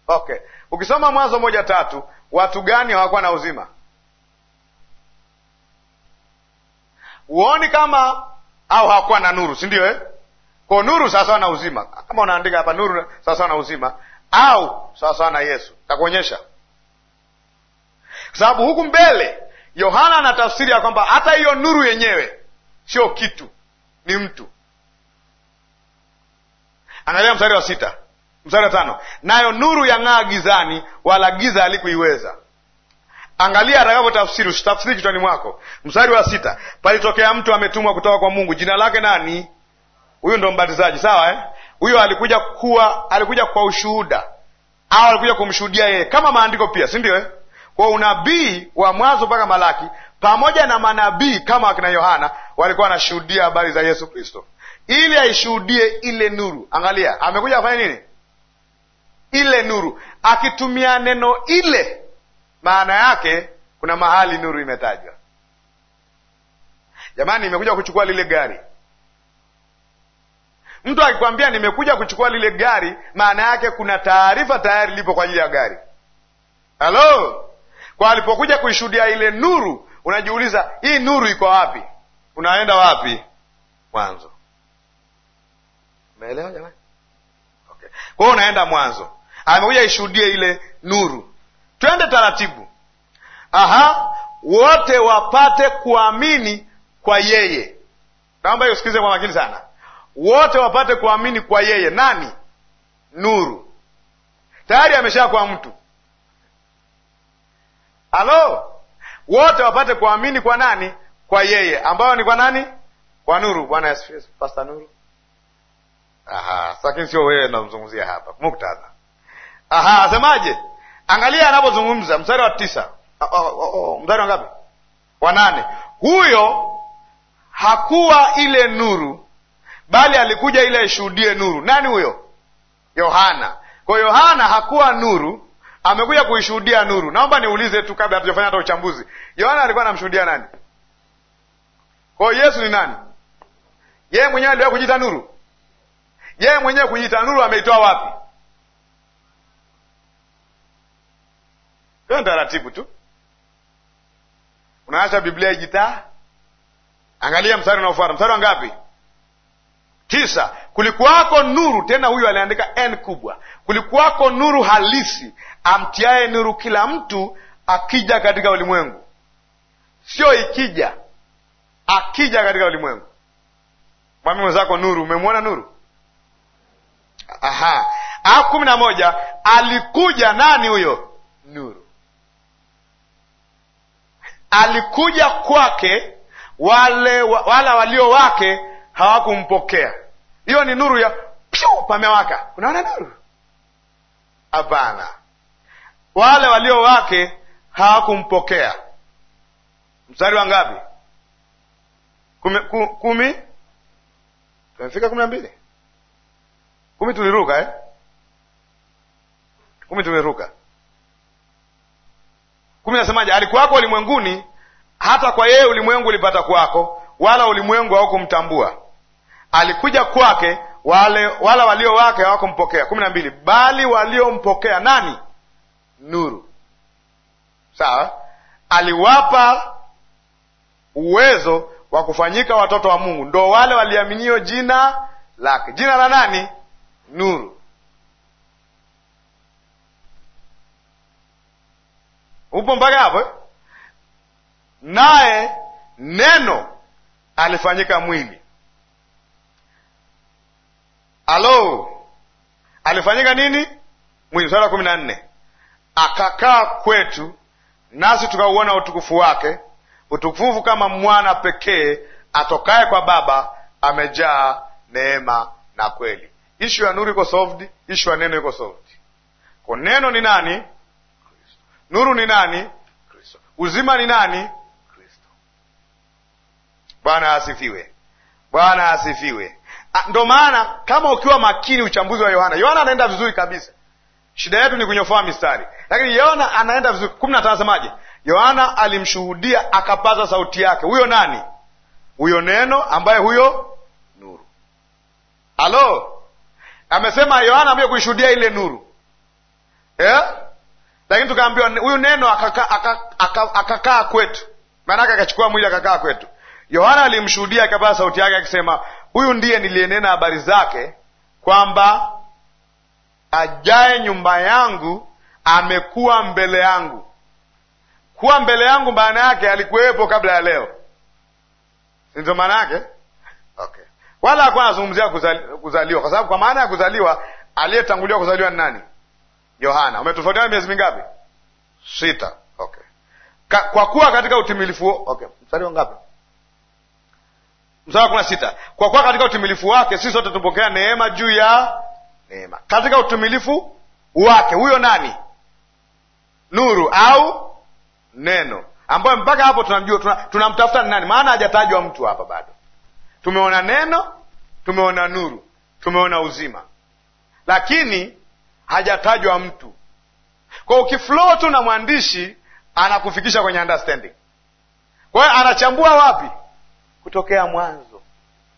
Okay, ukisoma Mwanzo moja tatu watu gani hawakuwa na uzima? Huoni kama au hawakuwa na nuru, si ndio eh? Kwa nuru sawasawa na uzima, kama unaandika hapa nuru sawasawa na uzima au sawasawa na Yesu, takuonyesha kwa sababu huku mbele Yohana ana tafsiri ya kwamba hata hiyo nuru yenyewe sio kitu, ni mtu. Angalia mstari wa sita mstari wa tano, nayo nuru yang'aa gizani, wala giza alikuiweza Angalia atakavyotafsiri usitafsiri kichwani mwako. Mstari wa sita, palitokea mtu ametumwa kutoka kwa Mungu, jina lake nani? Huyu ndo mbatizaji, sawa eh? Huyo alikuja kuwa, alikuja kwa ushuhuda au alikuja kumshuhudia yeye, kama maandiko pia, si eh? Kwa unabii wa Mwanzo mpaka Malaki pamoja na manabii kama wakina Yohana walikuwa wanashuhudia habari za Yesu Kristo ili aishuhudie ile nuru. Angalia amekuja afanye nini? ile nuru. Akitumia neno ile, maana yake kuna mahali nuru imetajwa. Jamani, nimekuja kuchukua lile gari. Mtu akikwambia nimekuja kuchukua lile gari, maana yake kuna taarifa tayari lipo kwa ajili ya gari. Halo, kwa alipokuja kuishuhudia ile nuru, unajiuliza hii nuru iko wapi? Unaenda wapi? Mwanzo. Umeelewa jamani? Okay. Kwa hiyo unaenda mwanzo amekuja ishuhudie ile nuru. Twende taratibu. Aha, wote wapate kuamini kwa yeye. Naomba hiyo usikilize kwa makini sana. Wote wapate kuamini kwa yeye. Nani? Nuru tayari amesha kwa mtu. Halo, wote wapate kuamini kwa nani? Kwa yeye, ambayo ni kwa nani? Kwa nuru. Bwana Yesu, Pasta Nuru. Aha, lakini sio wewe namzungumzia hapa, muktadha Aha, asemaje? Angalia anapozungumza mstari wa tisa. Oh, oh, oh, mstari wa ngapi? Wa nane. Huyo hakuwa ile nuru, bali alikuja ile aishuhudie nuru. Nani huyo? Yohana. Kwa Yohana hakuwa nuru, amekuja kuishuhudia nuru. Naomba niulize tu kabla hatujafanya hata uchambuzi, Yohana alikuwa anamshuhudia nani? Kwa Yesu ni nani? Yeye mwenyewe aliwahi kujiita nuru? Yeye mwenyewe kujiita nuru ameitoa wapi? Hiyo taratibu tu, unaacha Biblia ijitaa. Angalia mstari unaofuata, mstari wa ngapi? Tisa. Kulikuwako nuru, tena huyu aliandika n kubwa, kulikuwako nuru halisi amtiaye nuru kila mtu akija katika ulimwengu. Sio ikija, akija katika ulimwengu. mwami mwenzako nuru, umemwona nuru? Aha. Kumi na moja, alikuja nani huyo nuru? alikuja kwake, wale wala walio wake hawakumpokea. Hiyo ni nuru ya pyu, pamewaka. Unaona nuru? Hapana, wale walio wake hawakumpokea. Mstari wa ngapi? Kumi, kumi? Tumefika kumi na mbili? Kumi tuliruka eh? Kumi tuliruka kumi nasemaje? Alikuwako ulimwenguni, hata kwa yeye ulimwengu ulipata kuwako, wala ulimwengu haukumtambua. Alikuja kwake, wale wala walio wake hawakumpokea. kumi na mbili bali waliompokea nani? Nuru. Sawa, aliwapa uwezo wa kufanyika watoto wa Mungu, ndo wale waliaminio jina lake. Jina la nani? Nuru. upo mpaka hapo. Eh? Naye neno alifanyika mwili. Alo, alifanyika nini? Mwili. Sura kumi na nne, akakaa kwetu nasi tukauona utukufu wake, utukufu kama mwana pekee atokaye kwa Baba, amejaa neema na kweli. Ishu ya nuru iko solved, ishu ya neno iko solved. ko neno ni nani? Nuru ni nani? Kristo. Uzima ni nani? Kristo. Bwana asifiwe, Bwana asifiwe. Ndo maana kama ukiwa makini uchambuzi wa Yohana, Yohana anaenda vizuri kabisa. Shida yetu ni kunyofoa mistari, lakini Yohana anaenda vizuri. kumi na tano asemaje? Yohana alimshuhudia akapaza sauti yake. Huyo nani? Huyo neno ambaye huyo nuru. Halo, amesema Yohana amekuja kuishuhudia ile nuru eh? lakini tukaambiwa huyu neno akakaa kwetu, maanake akachukua mwili akakaa kwetu. Yohana alimshuhudia akapata sauti yake akisema, huyu ndiye niliyenena habari zake kwamba ajaye nyumba yangu amekuwa mbele yangu. Kuwa mbele yangu maana yake alikuwepo kabla ya leo, sindio? Maana yake okay. Wala akuwa anazungumzia kuzali, kuzaliwa kwa sababu, kwa maana ya kuzaliwa aliyetanguliwa kuzaliwa ni nani? Yohana. Umetofautiana miezi mingapi? Sita. Okay. Ka, kwa kuwa katika utimilifu okay, mstari Mstari wa kumi na sita. Kwa kuwa katika utimilifu wake sisi sote tupokea neema juu ya neema, katika utimilifu wake. Huyo nani? Nuru au neno, ambayo mpaka hapo tunamjua, tunamtafuta tuna ni nani, maana hajatajwa mtu hapa bado. Tumeona neno, tumeona nuru, tumeona uzima, lakini hajatajwa mtu. Kwa ukiflo tu na mwandishi anakufikisha kwenye understanding. Kwa hiyo anachambua wapi? Kutokea mwanzo,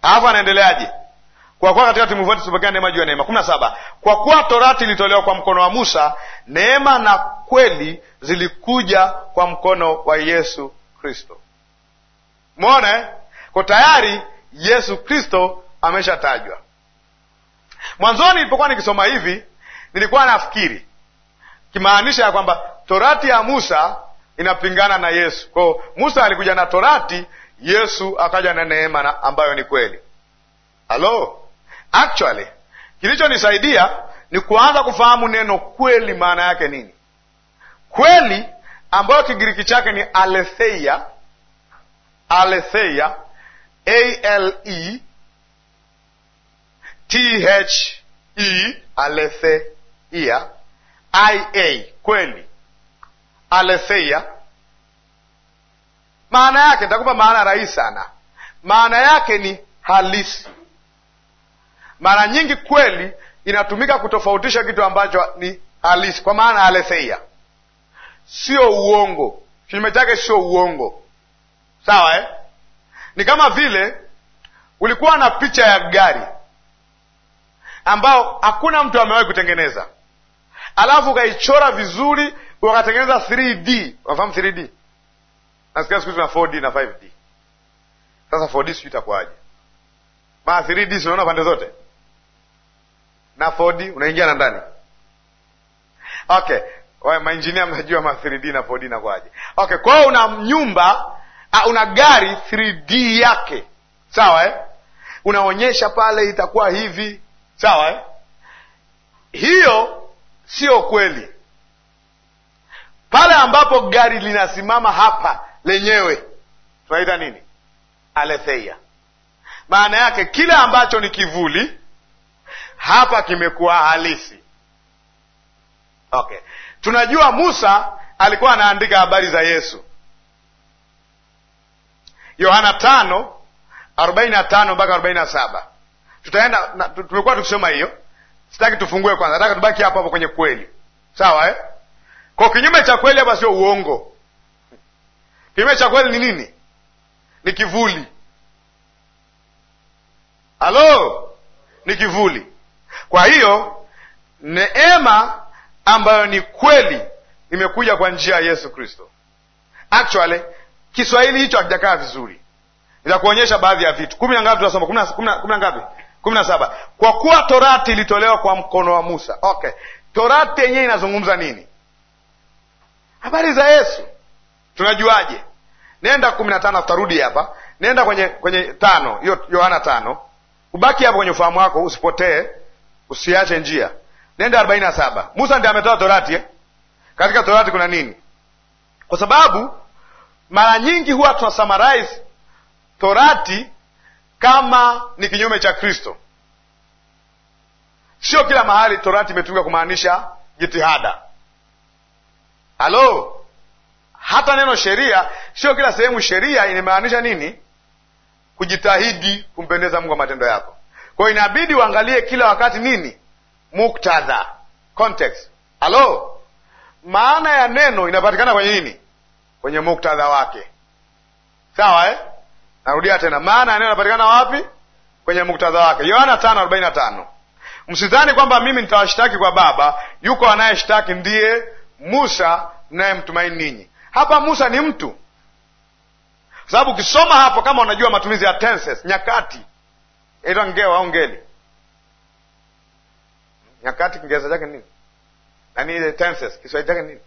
alafu anaendeleaje? Kwa kuwa katika timuvoti tupokea neema juu ya neema. kumi na saba. Kwa kuwa torati ilitolewa kwa mkono wa Musa, neema na kweli zilikuja kwa mkono wa Yesu Kristo. Mwone eh? kwa tayari Yesu Kristo ameshatajwa mwanzoni. ilipokuwa nikisoma hivi nilikuwa nafikiri kimaanisha ya kwamba torati ya Musa inapingana na Yesu. Kwa Musa alikuja na torati, Yesu akaja na neema ambayo ni kweli. Halo, actually kilichonisaidia ni kuanza kufahamu neno kweli, maana yake nini? Kweli ambayo Kigiriki chake ni aletheia, aletheia, a l e t h e, aletheia ia ia kweli, aletheia maana yake, nitakupa maana rahisi sana. Maana yake ni halisi. Mara nyingi kweli inatumika kutofautisha kitu ambacho ni halisi, kwa maana aletheia sio uongo, kinyume chake sio uongo. Sawa eh? Ni kama vile ulikuwa na picha ya gari ambao hakuna mtu amewahi kutengeneza, alafu ukaichora vizuri wakatengeneza 3D. Unafahamu 3D? Nasikia siku hizi na 4D na 5D. Sasa 4D sijui itakuwaje, maa 3D sinaona pande zote na 4D unaingia na ndani. Okay, mainjinia mnajua ma 3D na 4D na Okay, kwa hiyo una nyumba uh, una gari 3D yake sawa eh? Unaonyesha pale itakuwa hivi sawa eh? hiyo sio kweli. Pale ambapo gari linasimama hapa lenyewe tunaita nini? Aletheia. Maana yake kile ambacho ni kivuli hapa kimekuwa halisi. Okay, tunajua Musa alikuwa anaandika habari za Yesu, Yohana tano arobaini na tano mpaka arobaini na saba tutaenda, tumekuwa tukisoma hiyo Sitaki tufungue kwanza, nataka tubaki hapo hapo kwenye kweli, sawa eh? Kwa kinyume cha kweli hapa sio uongo. Kinyume cha kweli ni nini? Ni kivuli. Halo, ni kivuli. Kwa hiyo neema ambayo ni kweli imekuja kwa njia ya Yesu Kristo. Actually Kiswahili hicho hakijakaa vizuri, nitakuonyesha baadhi ya vitu. kumi na ngapi tunasoma? kumi na ngapi? kumi na saba kwa kuwa torati ilitolewa kwa mkono wa Musa. Okay, torati yenyewe inazungumza nini? Habari za Yesu tunajuaje? Nenda kumi na tano, tutarudi hapa. Nenda kwenye kwenye tano, hiyo Yohana tano, ubaki hapo kwenye ufahamu wako, usipotee, usiache njia. Nenda arobaini na saba. Musa ndi ametoa torati eh? Katika torati kuna nini? Kwa sababu mara nyingi huwa tuna torati kama ni kinyume cha Kristo. Sio kila mahali torati imetumika kumaanisha jitihada. Halo, hata neno sheria, sio kila sehemu sheria inamaanisha nini? Kujitahidi kumpendeza Mungu kwa matendo yako. Kwa hiyo inabidi uangalie kila wakati nini, muktadha, context. Halo, maana ya neno inapatikana kwenye nini? Kwenye muktadha wake, sawa eh? Narudia tena, maana neno inapatikana wapi? Kwenye muktadha wake, Yohana tano arobaini na tano. Msidhani kwamba mimi nitawashtaki kwa Baba, yuko anayeshtaki ndiye Musa mnayemtumaini ninyi. Hapa Musa ni mtu, kwa sababu ukisoma hapo, kama unajua matumizi ya tenses, nyakati inaitwa ngewa au ngeli. Nyakati Kiingereza chake nini? Nani ile tenses, Kiswahili chake nini?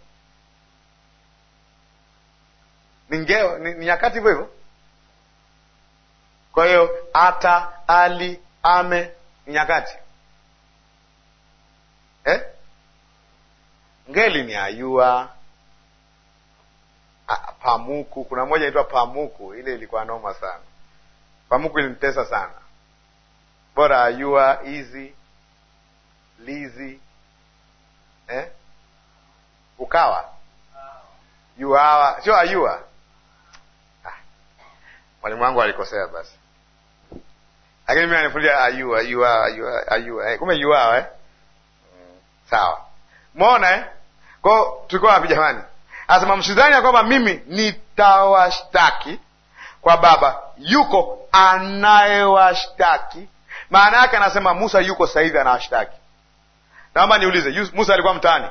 Ni ngeo, ni nyakati hivyo hivyo kwa hiyo ata ali ame nyakati eh? Ngeli ni ayua A, pamuku. Kuna moja naitwa pamuku, ile ilikuwa noma sana. Pamuku ilimtesa sana, bora ayua izi lizi eh? ukawa yuawa sio ayua. Ah, mwalimu wangu alikosea basi lakini mimi anifundia ayua ayua ayua ayua eh, kumbe yuao eh? Sawa, mwona eh? kwa tulikuwa wapi jamani? Asema msidhani ya kwamba mimi nitawashtaki kwa Baba, yuko anayewashtaki. Maana yake anasema Musa yuko sasa hivi anawashtaki. Naomba niulize, Musa alikuwa mtaani?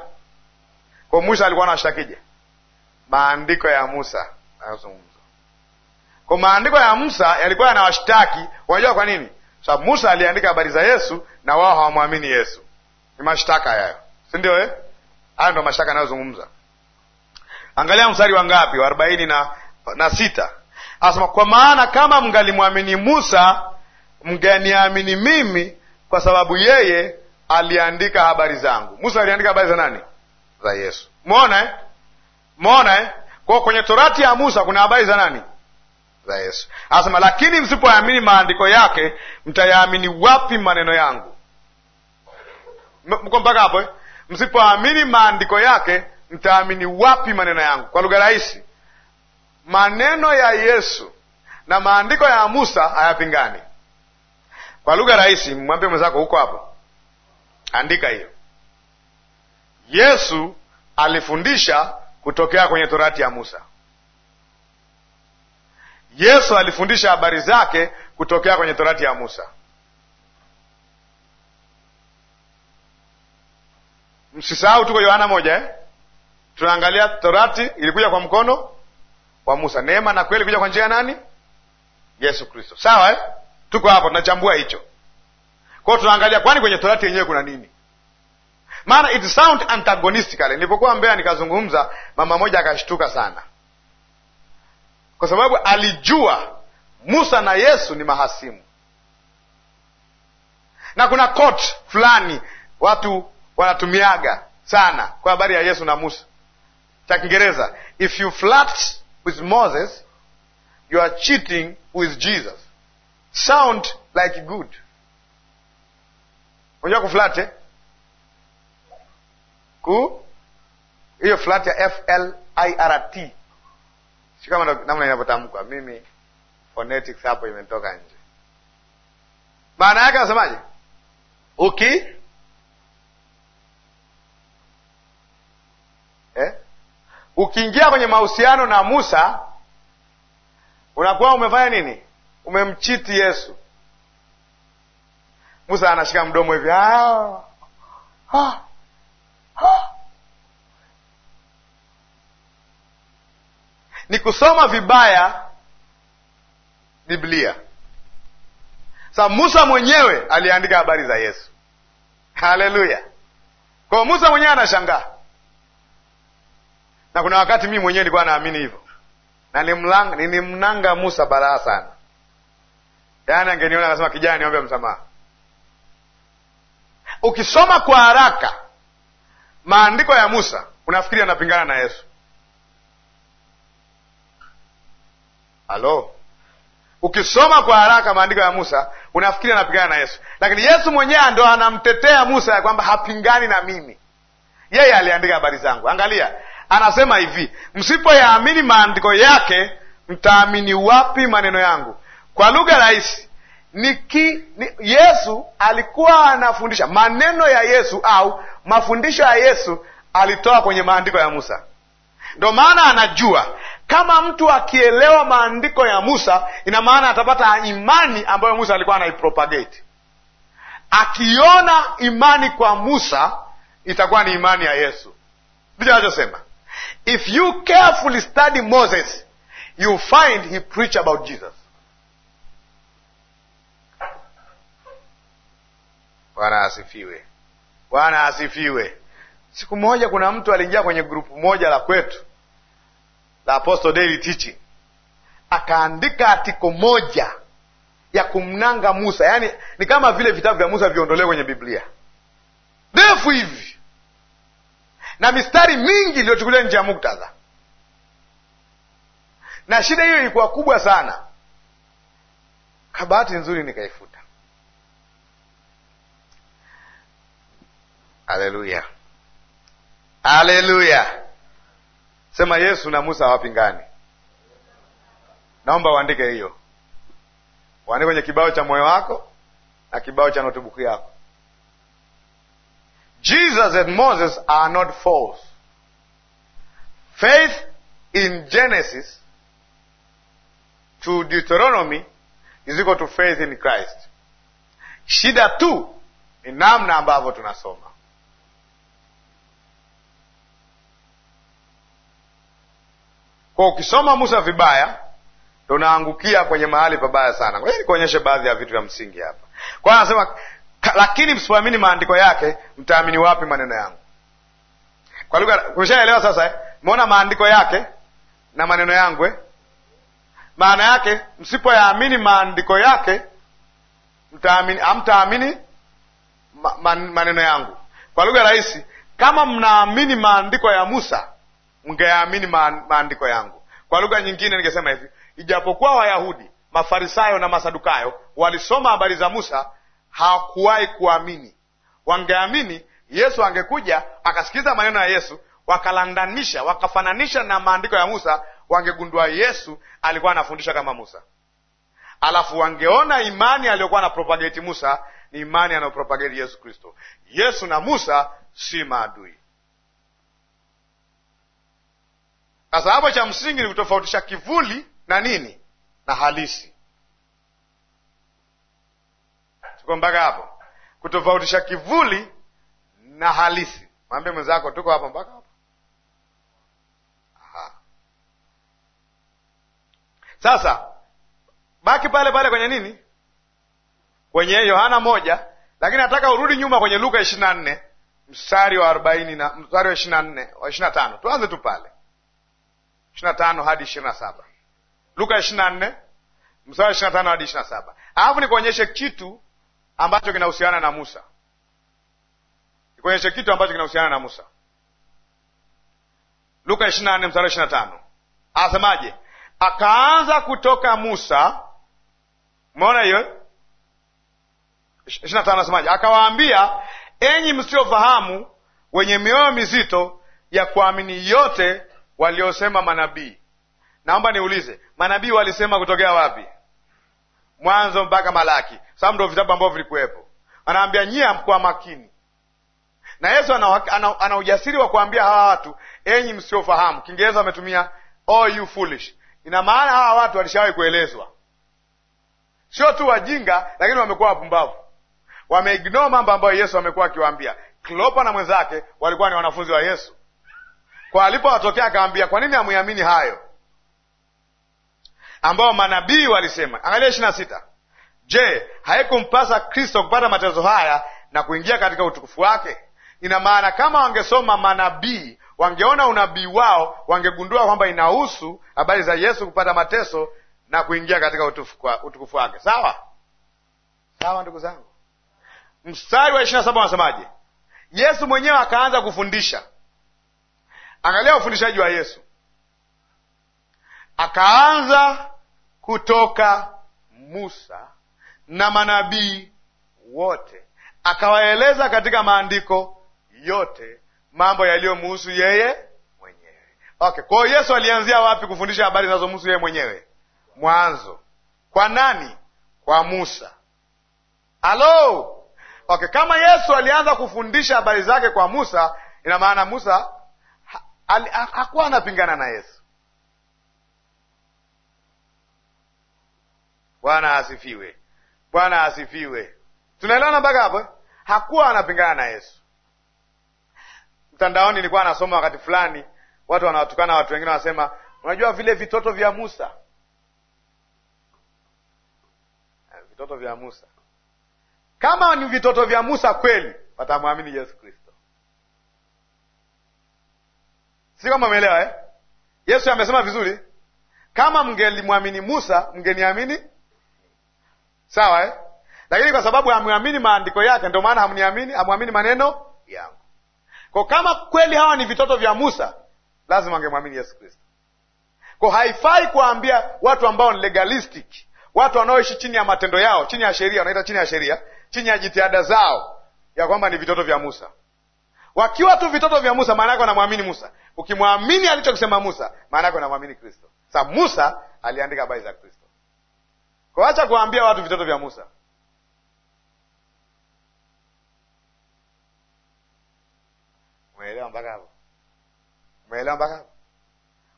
Kwa Musa alikuwa anawashtakije? Maandiko ya Musa anazungumza kwa maandiko ya Musa yalikuwa yanawashtaki. Unajua kwa nini? Sababu Musa aliandika habari za Yesu na wao hawamwamini Yesu. Ni mashtaka yayo, si ndio eh? Hayo ndo mashtaka anayozungumza. Angalia mstari wa ngapi, wa arobaini na, na sita anasema kwa maana kama mngalimwamini Musa mngeniamini mimi, kwa sababu yeye aliandika habari zangu. Musa aliandika habari za nani? Za Yesu. Mwona eh? Mwona eh? Kwao kwenye torati ya Musa kuna habari za nani? za Yesu. Anasema, lakini msipoyaamini maandiko yake mtayaamini wapi maneno yangu? Mko mpaka hapo eh? Msipoamini maandiko yake mtaamini wapi maneno yangu? Kwa lugha rahisi, maneno ya Yesu na maandiko ya Musa hayapingani. Kwa lugha rahisi, mwambie mwenzako huko hapo, andika hiyo. Yesu alifundisha kutokea kwenye torati ya Musa. Yesu alifundisha habari zake kutokea kwenye torati ya Musa. Msisahau tuko Yohana moja eh? Tunaangalia torati ilikuja kwa mkono wa Musa, neema na kweli kuja kwa njia ya nani? Yesu Kristo, sawa eh? Tuko hapo tunachambua hicho kwao, tunaangalia kwani kwenye torati yenyewe kuna nini? Maana it sound antagonistically. Nilipokuwa Mbeya nikazungumza, mama moja akashtuka sana kwa sababu alijua Musa na Yesu ni mahasimu, na kuna quote fulani watu wanatumiaga sana kwa habari ya Yesu na Musa cha Kiingereza, if you flirt with Moses you are cheating with Jesus. Sound like good. Unajua kuflate eh? ku hiyo flat ya F L I R T si kama namna inavyotamkwa. Mimi phonetics hapo imetoka nje. Maana yake anasemaje? uki eh? ukiingia kwenye mahusiano na Musa unakuwa umefanya nini? Umemchiti Yesu. Musa anashika mdomo hivi ah, ah. ni kusoma vibaya Biblia. Sa Musa mwenyewe aliandika habari za Yesu. Haleluya! Kwa Musa mwenyewe anashangaa, na kuna wakati mimi mwenyewe nilikuwa naamini hivyo, na nilimnanga Musa balaa sana, yaani angeniona akasema, kijana, niombe msamaha. Ukisoma kwa haraka maandiko ya Musa unafikiri anapingana na Yesu. Halo, ukisoma kwa haraka maandiko ya Musa unafikiri anapingana na Yesu, lakini Yesu mwenyewe ndo anamtetea Musa ya kwamba hapingani na mimi, yeye aliandika habari zangu. Angalia, anasema hivi, msipoyaamini maandiko yake mtaamini wapi maneno yangu? Kwa lugha rahisi niki ni, Yesu alikuwa anafundisha maneno ya Yesu au mafundisho ya Yesu alitoa kwenye maandiko ya Musa. Ndo maana anajua kama mtu akielewa maandiko ya Musa, ina maana atapata imani ambayo Musa alikuwa anaipropagate. Akiona imani kwa Musa, itakuwa ni imani ya Yesu. Ndicho anachosema, if you carefully study Moses you find he preach about Jesus. Bwana asifiwe, Bwana asifiwe. Siku moja kuna mtu aliingia kwenye grupu moja la kwetu la Apostle Daily Teaching, akaandika atiko moja ya kumnanga Musa. Yaani ni kama vile vitabu vya Musa viondolewe kwenye Biblia, ndefu hivi na mistari mingi iliyochukuliwa nje ya muktadha, na shida hiyo ilikuwa kubwa sana. Kabahati nzuri nikaifuta. Aleluya, aleluya! Sema Yesu na Musa hawapingani. Naomba uandike hiyo, uandike kwenye kibao cha moyo wako na kibao cha notebook yako. Jesus and Moses are not false. Faith in Genesis to Deuteronomy is equal to faith in Christ. Shida tu ni namna ambavyo tunasoma Kwa ukisoma Musa vibaya tunaangukia kwenye mahali pabaya sana. Kwa hiyo nikuonyeshe baadhi ya vitu vya msingi hapa. Kwa hiyo anasema lakini msipoamini maandiko yake mtaamini wapi maneno yangu? Kwa lugha kushaelewa sasa eh? Mona maandiko yake na maneno yangu eh? Maana yake msipoyaamini maandiko yake mtaamini, hamtaamini maneno yangu. Kwa lugha rahisi, kama mnaamini maandiko ya Musa mngeyaamini maandiko yangu. Kwa lugha nyingine ningesema hivi, ijapokuwa Wayahudi Mafarisayo na Masadukayo walisoma habari za Musa, hawakuwahi kuamini. Wangeamini Yesu angekuja akasikiliza maneno ya Yesu, wakalandanisha, wakafananisha na maandiko ya Musa, wangegundua Yesu alikuwa anafundisha kama Musa, alafu wangeona imani aliyokuwa na propageti Musa ni imani anayopropageti Yesu Kristo. Yesu na Musa si maadui. Sasa hapo cha msingi ni kutofautisha kivuli na nini na halisi. Tuko mpaka hapo, kutofautisha kivuli na halisi. Mwambie mwenzako tuko hapo mpaka hapo. Aha. Sasa baki pale pale kwenye nini, kwenye Yohana moja, lakini nataka urudi nyuma kwenye Luka ishirini na nne mstari wa arobaini na mstari wa ishirini na nne wa ishirini na tano tuanze tu pale 25 hadi 27. Luka 24 mstari ishirini na hadi 27. na saba Alafu nikuonyeshe kitu ambacho kinahusiana na Musa, nikuonyeshe kitu ambacho kinahusiana na Musa. Luka 24 mstari ishirini na tano anasemaje? Akaanza kutoka Musa, umeona hiyo 25 na anasemaje? Akawaambia, enyi msiofahamu, wenye mioyo mizito ya kuamini yote waliosema manabii. Naomba niulize, manabii walisema kutokea wapi? Mwanzo mpaka Malaki, sababu ndo vitabu ambavyo vilikuwepo. Anaambia nyie amkuwa makini, na Yesu ana, ana, ana ujasiri wa kuambia hawa watu, enyi msiofahamu. Kiingereza wametumia oh, you foolish. Ina maana hawa watu walishawahi kuelezwa, sio tu wajinga, lakini wamekuwa wapumbavu, wameignore mambo ambayo Yesu amekuwa akiwaambia. Klopa na mwenzake walikuwa ni wanafunzi wa Yesu, kwa alipowatokea akawambia kwa nini hamuamini hayo ambao manabii walisema? Angalia ishirini na sita. Je, haikumpasa Kristo kupata mateso haya na kuingia katika utukufu wake? Ina maana kama wangesoma manabii, wangeona unabii wao, wangegundua kwamba inahusu habari za Yesu kupata mateso na kuingia katika utukufu wake. Sawa sawa, ndugu zangu, mstari wa ishirini na saba unasemaje? Yesu mwenyewe akaanza kufundisha Angalia ufundishaji wa Yesu, akaanza kutoka Musa na manabii wote, akawaeleza katika maandiko yote mambo yaliyomuhusu yeye mwenyewe. Okay, kwa hiyo Yesu alianzia wapi kufundisha habari zinazomuhusu yeye mwenyewe? Mwanzo kwa nani? Kwa Musa. Halo, okay, kama Yesu alianza kufundisha habari zake kwa Musa, ina maana Musa hakuwa anapingana na Yesu. Bwana asifiwe, Bwana asifiwe. Tunaelewana mpaka hapo? Eh? Hakuwa anapingana na Yesu. Mtandaoni nilikuwa nasoma wakati fulani, watu wanawatukana watu wengine, wanasema unajua vile vitoto vya Musa, eh, vitoto vya Musa. Kama ni vitoto vya Musa kweli, watamwamini Yesu Kristo si kwamba umeelewa eh? Yesu amesema vizuri, kama mngelimwamini Musa mngeniamini, sawa eh? Lakini kwa sababu hamwamini maandiko yake, ndio maana hamniamini, hamwamini maneno yangu. Kwa kama kweli hawa ni vitoto vya Musa, lazima angemwamini Yesu Kristo. Kwa haifai kuwaambia watu ambao ni legalistic, watu wanaoishi chini ya matendo yao, chini ya sheria, wanaita chini ya sheria, chini ya jitihada zao, ya kwamba ni vitoto vya Musa. Wakiwa tu vitoto vya Musa, maana yake wanamwamini Musa. Ukimwamini alichokisema Musa, maana yake unamwamini Kristo. Sa Musa aliandika habari za Kristo. kwaacha kuwambia watu vitoto vya Musa. Umeelewa mpaka hapo? Umeelewa mpaka hapo?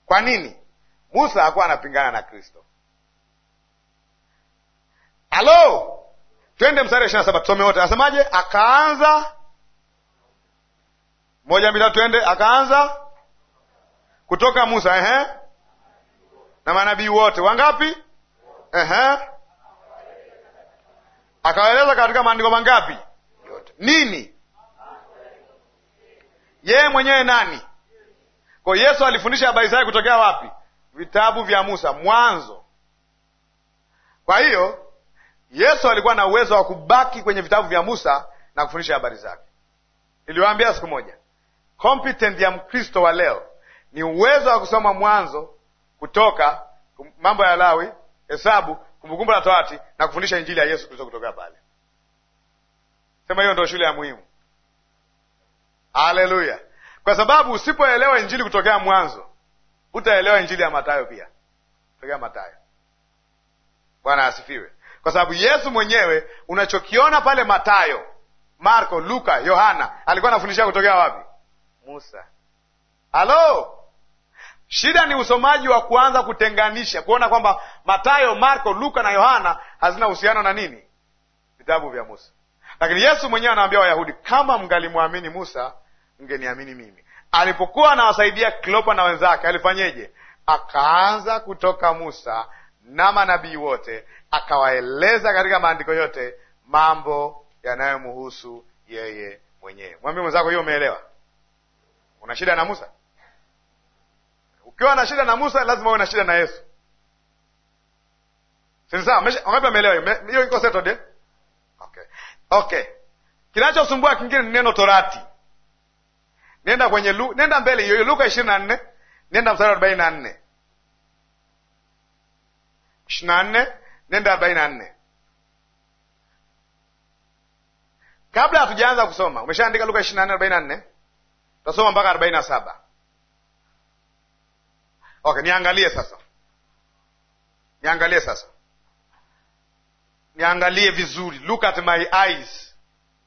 Kwa nini Musa hakuwa anapingana na Kristo? Halo, twende msari wa ishirini na saba tusome wote. Anasemaje? Akaanza moja mbili, twende. Akaanza kutoka Musa ehe, na manabii wote wangapi? Ehe, akawaeleza katika maandiko mangapi? Yote. Nini yeye mwenyewe nani? Kwa Yesu alifundisha habari zake kutokea wapi? Vitabu vya Musa, Mwanzo. Kwa hiyo Yesu alikuwa na uwezo wa kubaki kwenye vitabu vya Musa na kufundisha habari zake. Niliwaambia siku moja, competent ya Mkristo wa leo ni uwezo wa kusoma Mwanzo, Kutoka, Mambo ya Lawi, Hesabu, Kumbukumbu la Torati na kufundisha Injili ya Yesu Kristo kutoka pale. Sema hiyo ndio shule ya muhimu. Haleluya! Kwa sababu usipoelewa Injili kutokea Mwanzo utaelewa Injili ya matayo pia, kutokea matayo Bwana asifiwe. Kwa sababu Yesu mwenyewe unachokiona pale matayo Marko, Luka, Yohana alikuwa anafundishia kutokea wapi? Musa. Halo, Shida ni usomaji wa kuanza kutenganisha, kuona kwamba Matayo, Marko, Luka na Yohana hazina uhusiano na nini, vitabu vya Musa. Lakini Yesu mwenyewe anawambia Wayahudi, kama mngalimwamini Musa mngeniamini mimi. Alipokuwa anawasaidia Klopa na wenzake, alifanyeje? Akaanza kutoka Musa na manabii wote, akawaeleza katika maandiko yote mambo yanayomhusu yeye mwenyewe. Mwambie mwenzako, hiyo umeelewa? Una shida na Musa? Ukiwa na shida na Musa lazima uwe na shida na Yesu. Sisi sawa, wangapi wameelewa hiyo? Hiyo iko settled eh? Okay. Okay. Kinachosumbua kingine ni neno torati. Nenda kwenye lu, nenda mbele hiyo Luka 24, nenda mstari 44. 24, nenda 44. Kabla hatujaanza kusoma, umeshaandika Luka 24 44? Tutasoma mpaka saba Okay, niangalie sasa, niangalie sasa, niangalie vizuri, look at my eyes.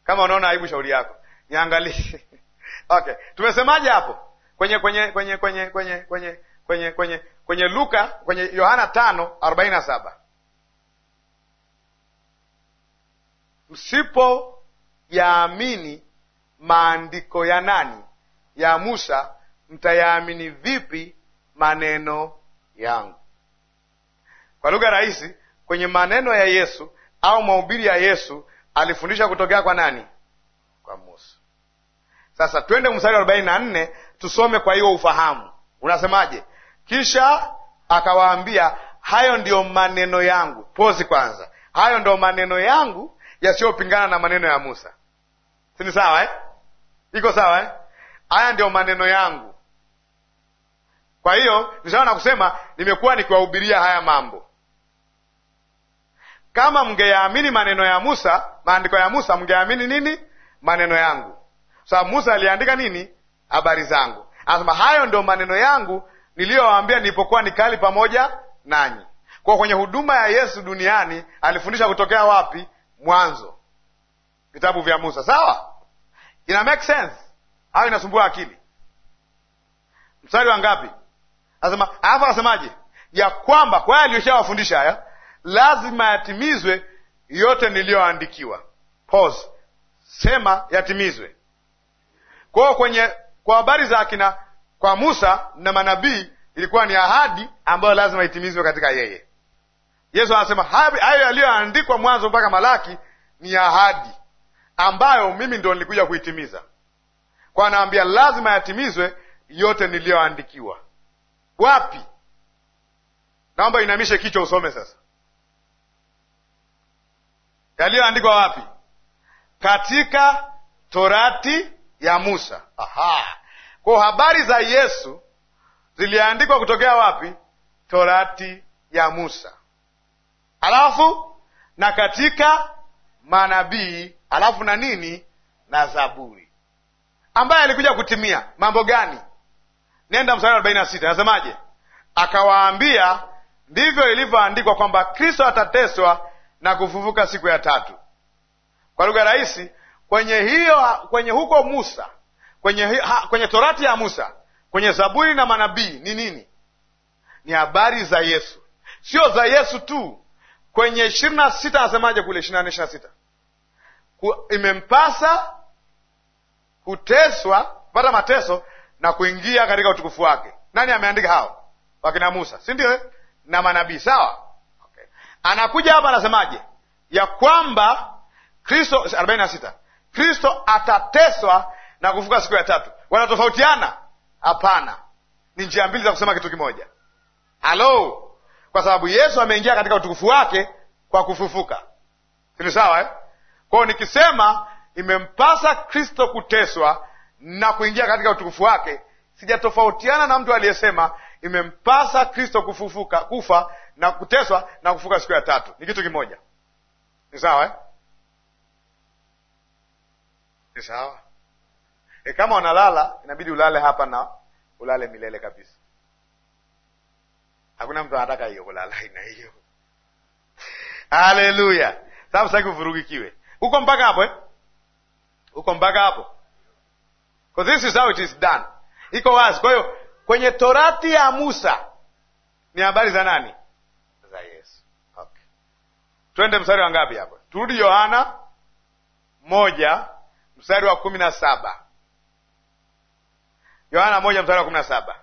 Kama unaona aibu, shauri yako, niangalie okay. Tumesemaje hapo kwenye kwenye kwenye kwenye kwenye kwenye kwenye kwenye kwenye Luka kwenye Yohana tano arobaini na saba msipoyaamini maandiko ya nani ya Musa mtayaamini vipi maneno yangu. Kwa lugha rahisi, kwenye maneno ya Yesu au mahubiri ya Yesu alifundisha kutokea kwa nani? Kwa Musa. Sasa twende mstari wa arobaini na nne tusome kwa hiyo ufahamu unasemaje? Kisha akawaambia hayo ndiyo maneno yangu. Pozi kwanza, hayo ndio maneno yangu yasiyopingana na maneno ya Musa, si ni sawa eh? iko sawa eh? haya ndiyo maneno yangu kwa hiyo ni na kusema nimekuwa nikiwahubiria haya mambo. Kama mngeyaamini maneno ya Musa, maandiko ya Musa, mngeyaamini nini? Maneno yangu. Sababu so, Musa aliandika nini? Habari zangu. Anasema hayo ndio maneno yangu niliyowaambia nilipokuwa nikali pamoja nanyi. Kwa kwenye huduma ya Yesu duniani alifundisha kutokea wapi? Mwanzo, vitabu vya Musa. Sawa, ina make sense au inasumbua akili? Mstari wa ngapi? Anasema alafu anasemaje? Ya kwamba kwa haya aliyoshawafundisha haya lazima yatimizwe yote niliyoandikiwa. Pause, sema yatimizwe. Kwa hiyo kwenye kwa habari za akina kwa Musa na manabii ilikuwa ni ahadi ambayo lazima itimizwe katika yeye. Yesu anasema hayo yaliyoandikwa mwanzo mpaka Malaki ni ahadi ambayo mimi ndo nilikuja kuitimiza, kwa anaambia lazima yatimizwe yote niliyoandikiwa wapi? Naomba inamishe kichwa usome sasa, yaliyoandikwa wapi? Katika torati ya Musa. Aha, kwa habari za Yesu ziliandikwa kutokea wapi? Torati ya Musa, alafu na katika manabii, alafu na nini na Zaburi, ambaye alikuja kutimia mambo gani? nenda mstari arobaini na sita nasemaje? Akawaambia, ndivyo ilivyoandikwa kwamba Kristo atateswa na kufufuka siku ya tatu. Kwa lugha rahisi, kwenye hiyo, kwenye huko Musa, kwenye, ha, kwenye torati ya Musa, kwenye Zaburi na manabii ni nini? Ni habari za Yesu, sio za Yesu tu. Kwenye ishirini na sita anasemaje kule, ishirini na nne ishirini na sita imempasa kuteswa, kupata mateso na kuingia katika utukufu wake. Nani ameandika hao? Wakina Musa, si ndio? Eh? Na manabii, sawa. Okay. Anakuja hapa anasemaje? Ya kwamba Kristo arobaini na sita Kristo atateswa na kufuka siku ya tatu. Wanatofautiana? Hapana, ni njia mbili za kusema kitu kimoja. Halo, kwa sababu Yesu ameingia katika utukufu wake kwa kufufuka, si ni sawa eh? Kwao nikisema imempasa Kristo kuteswa na kuingia katika utukufu wake, sijatofautiana na mtu aliyesema imempasa Kristo kufufuka, kufa na kuteswa na kufuka siku ya tatu. Ni kitu kimoja, ni sawa eh? Ni sawa e, kama wanalala inabidi ulale hapa na ulale milele kabisa. Hakuna mtu anataka hiyo kulala aina hiyo. Haleluya! Sasa sitaki uvurugikiwe huko mpaka hapo eh? huko mpaka hapo Because this is how it is done. Iko wazi. Kwa hiyo kwenye torati ya Musa ni habari za nani? Za Yesu. Okay, twende mstari wa ngapi hapo? Turudi Yohana moja mstari wa kumi na saba. Yohana moja mstari wa kumi na saba.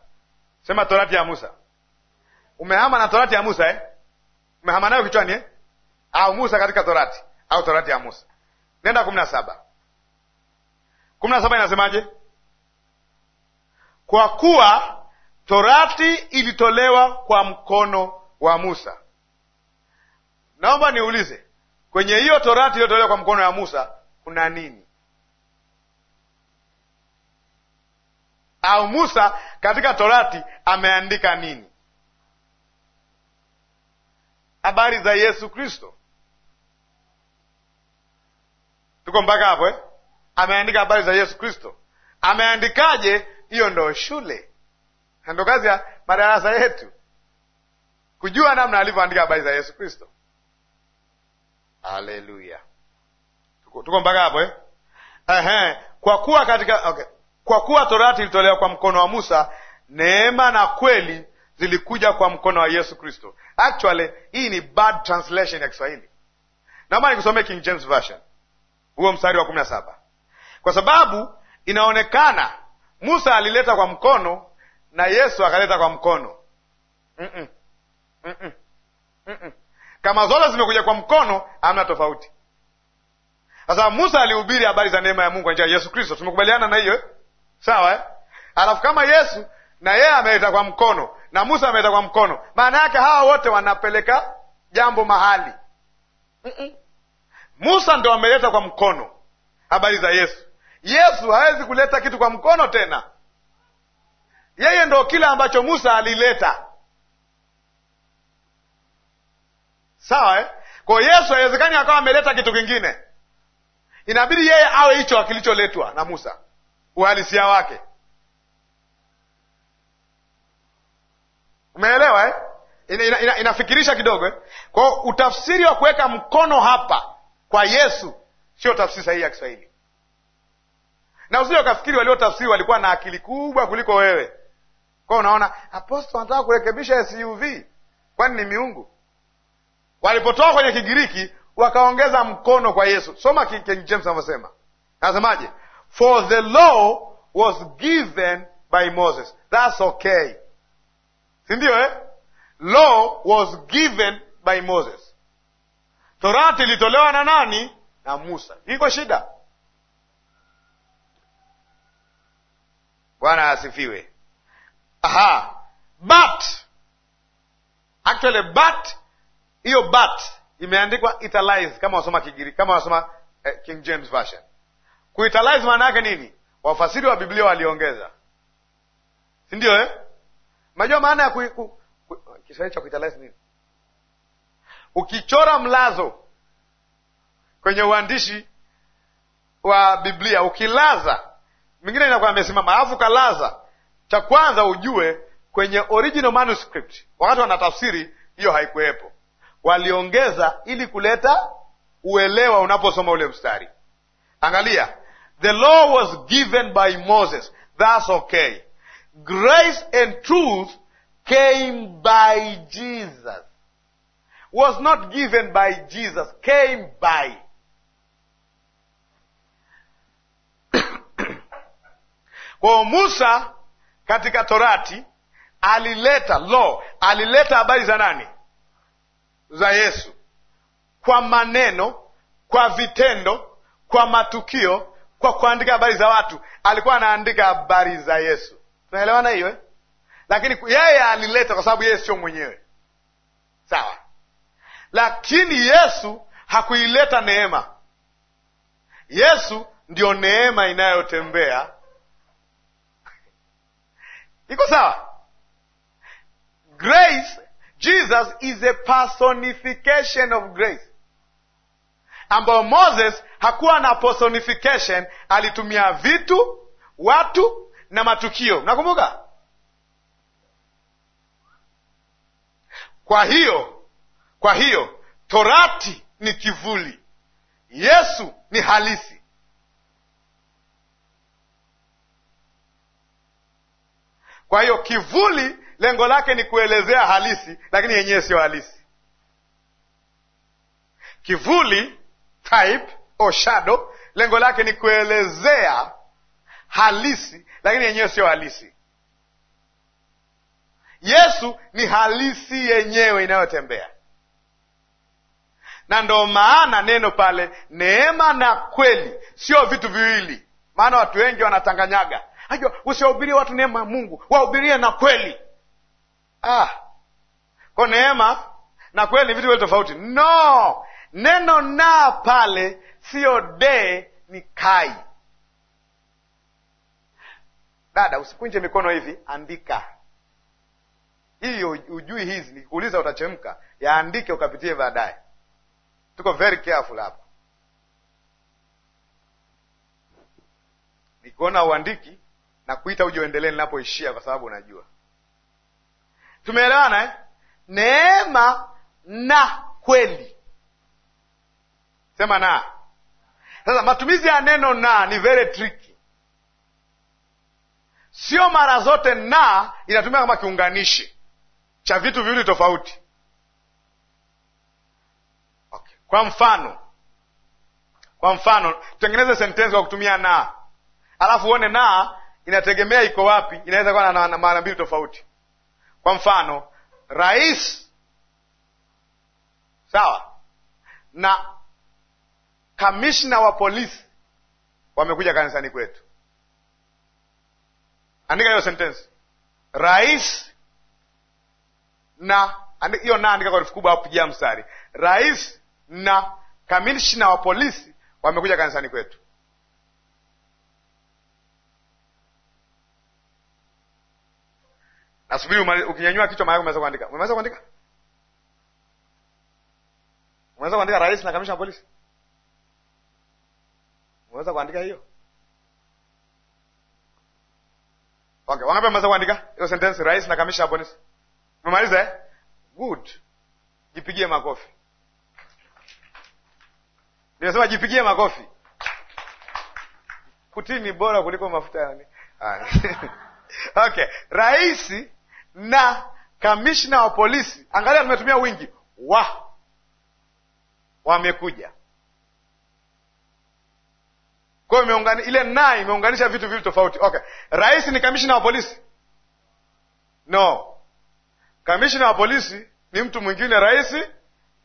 Sema torati ya Musa. Umehama na torati ya Musa eh? Umehama nayo kichwani eh? Au Musa katika torati au torati ya Musa. Nenda kumi na saba. Kumi na saba inasemaje? kwa kuwa torati ilitolewa kwa mkono wa Musa. Naomba niulize, kwenye hiyo torati iliyotolewa kwa mkono wa Musa kuna nini? Au Musa katika torati ameandika nini? Habari za Yesu Kristo. Tuko mpaka hapo eh? Ameandika habari za Yesu Kristo. Ameandikaje hiyo ndo shule na ndo kazi ya madarasa yetu, kujua namna alivyoandika habari za Yesu Kristo. Haleluya, tuko, tuko mpaka hapo eh? Ehe, kwa kuwa katika okay. Kwa kuwa torati ilitolewa kwa mkono wa Musa, neema na kweli zilikuja kwa mkono wa Yesu Kristo. Actually hii ni bad translation ya Kiswahili, naomba nikusomee King James Version, huo mstari wa kumi na saba kwa sababu inaonekana Musa alileta kwa mkono na Yesu akaleta kwa mkono. mm -mm. Mm -mm. Mm -mm. Kama zote zimekuja kwa mkono, hamna tofauti. Sasa Musa alihubiri habari za neema ya Mungu kwa njia ya Yesu Kristo, tumekubaliana na hiyo eh? Sawa eh? Alafu kama Yesu na yeye ameleta kwa mkono na Musa ameleta kwa mkono, maana yake hawa wote wanapeleka jambo mahali. mm -mm. Musa ndo ameleta kwa mkono habari za Yesu, Yesu hawezi kuleta kitu kwa mkono tena, yeye ndo kile ambacho Musa alileta. Sawa eh? Kwa Yesu haiwezekani akawa ameleta kitu kingine, inabidi yeye awe hicho kilicholetwa na Musa, uhalisia wake. Umeelewa eh? Ina, ina, inafikirisha kidogo eh? Kwao utafsiri wa kuweka mkono hapa kwa Yesu sio tafsiri sahihi ya Kiswahili na usije ukafikiri waliotafsiri walikuwa na akili kubwa kuliko wewe. Kwa unaona aposto anataka kurekebisha SUV, kwani ni miungu. Walipotoka kwenye Kigiriki wakaongeza mkono kwa Yesu. Soma King James anavyosema, anasemaje? For the law was given by Moses. That's okay, sindio eh? Law was given by Moses. Torati ilitolewa na nani? Na Musa. Iko shida Bwana asifiwe. Aha. But actually but hiyo but imeandikwa italize kama wasoma kigiri kama wasoma eh, King James Version. Kuitalize maana yake nini? Wafasiri wa Biblia waliongeza, si ndio eh? najua maana ya Kiswahili cha kuitalize nini? Ukichora mlazo kwenye uandishi wa Biblia ukilaza mingine inakuwa amesimama, alafu kalaza. Cha kwanza ujue kwenye original manuscript, wakati wanatafsiri hiyo haikuwepo, waliongeza ili kuleta uelewa unaposoma ule mstari. Angalia, the law was given by Moses, that's okay. Grace and truth came by Jesus, was not given by Jesus, came by Kwao Musa katika Torati alileta lo alileta habari za nani? Za Yesu, kwa maneno, kwa vitendo, kwa matukio, kwa kuandika habari za watu. Alikuwa anaandika habari za Yesu, tunaelewana hiyo eh? Lakini yeye alileta kwa sababu yeye sio mwenyewe, sawa. Lakini Yesu hakuileta neema. Yesu ndiyo neema inayotembea iko sawa? Grace, Jesus is a personification of grace, ambayo Moses hakuwa na personification. Alitumia vitu, watu na matukio, mnakumbuka? Kwa hiyo, kwa hiyo torati ni kivuli, Yesu ni halisi. Kwa hiyo kivuli lengo lake ni kuelezea halisi, lakini yenyewe siyo halisi. Kivuli type au shadow, lengo lake ni kuelezea halisi, lakini yenyewe siyo halisi. Yesu ni halisi yenyewe inayotembea, na ndo maana neno pale neema na kweli sio vitu viwili, maana watu wengi wanatanganyaga Najua usiwahubirie watu neema ya Mungu, wahubirie na kweli. Ah, kwa neema na kweli ni vitu vile tofauti. No, neno naa pale siyo de, ni kai. Dada, usikunje mikono hivi, andika hiyo, ujui hizi. Nikikuuliza utachemka, yaandike ukapitie baadaye. Tuko very careful hapa. Nikiona uandiki na kuita uje uendelee ninapoishia, kwa sababu unajua. Tumeelewana eh? Neema na kweli, sema na. Sasa matumizi ya neno na ni very tricky. Sio mara zote na inatumika kama kiunganishi cha vitu viwili tofauti. Okay. Kwa mfano, kwa mfano tutengeneze sentensi kwa kutumia na, alafu uone na inategemea iko wapi, inaweza kuwa na maana mbili tofauti. Kwa mfano, rais sawa na kamishna wa polisi wamekuja kanisani kwetu. Andika hiyo sentensi, rais na hiyo na, andika kwa herufi kubwa, pigia mstari. Rais na kamishna wa polisi wamekuja kanisani kwetu. Nasubiri ukinyanyua kichwa mahali umeweza kuandika. Umeweza kuandika? Umeweza kuandika rais na kamishna polisi? Umeweza kuandika hiyo? Okay, wangapi wameweza kuandika hiyo sentence rais na kamishna polisi? Umemaliza eh? Good. Jipigie makofi. Nimesema jipigie makofi. Kutini bora kuliko mafuta yani. Okay, rais na kamishna wa polisi. Angalia, tumetumia wingi wa wamekuja. Kwa hiyo ile na imeunganisha vitu viwili tofauti. Okay, rais ni kamishna wa polisi? No, kamishna wa polisi ni mtu mwingine, rais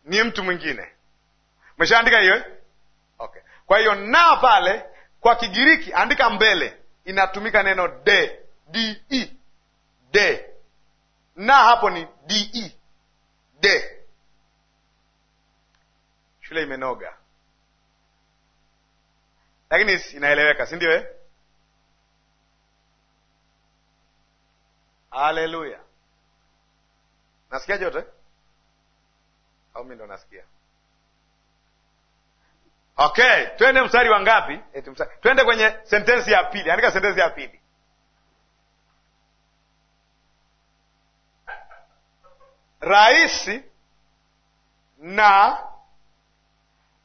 ni mtu mwingine. Umeshaandika hiyo? Okay, kwa hiyo na pale kwa Kigiriki andika mbele, inatumika neno de e, de, de na hapo ni de de. Shule imenoga, lakini inaeleweka, si ndio eh? Haleluya! Nasikia jote eh? au mi ndo nasikia? Okay, twende mstari wa ngapi? Eh, twende kwenye sentensi ya pili. Andika sentensi ya pili. raisi na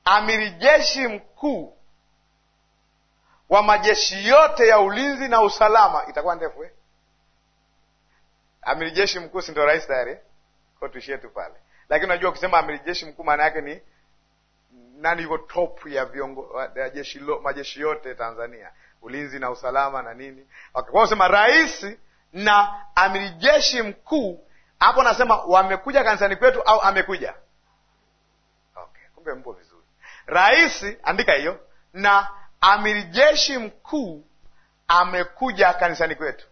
amiri jeshi mkuu wa majeshi yote ya ulinzi na usalama. Itakuwa ndefu eh? Amiri jeshi mkuu si ndo rais tayari, ko tuishie tu pale. Lakini unajua ukisema amiri jeshi mkuu maana yake ni nani yuko top ya viongo, ya jeshi lo, majeshi yote Tanzania, ulinzi na usalama na nini. Okay, kwa usema rais na amiri jeshi mkuu hapo nasema wamekuja kanisani kwetu au amekuja. Okay, kumbe mpo vizuri. Rais, andika hiyo, na amiri jeshi mkuu amekuja kanisani kwetu.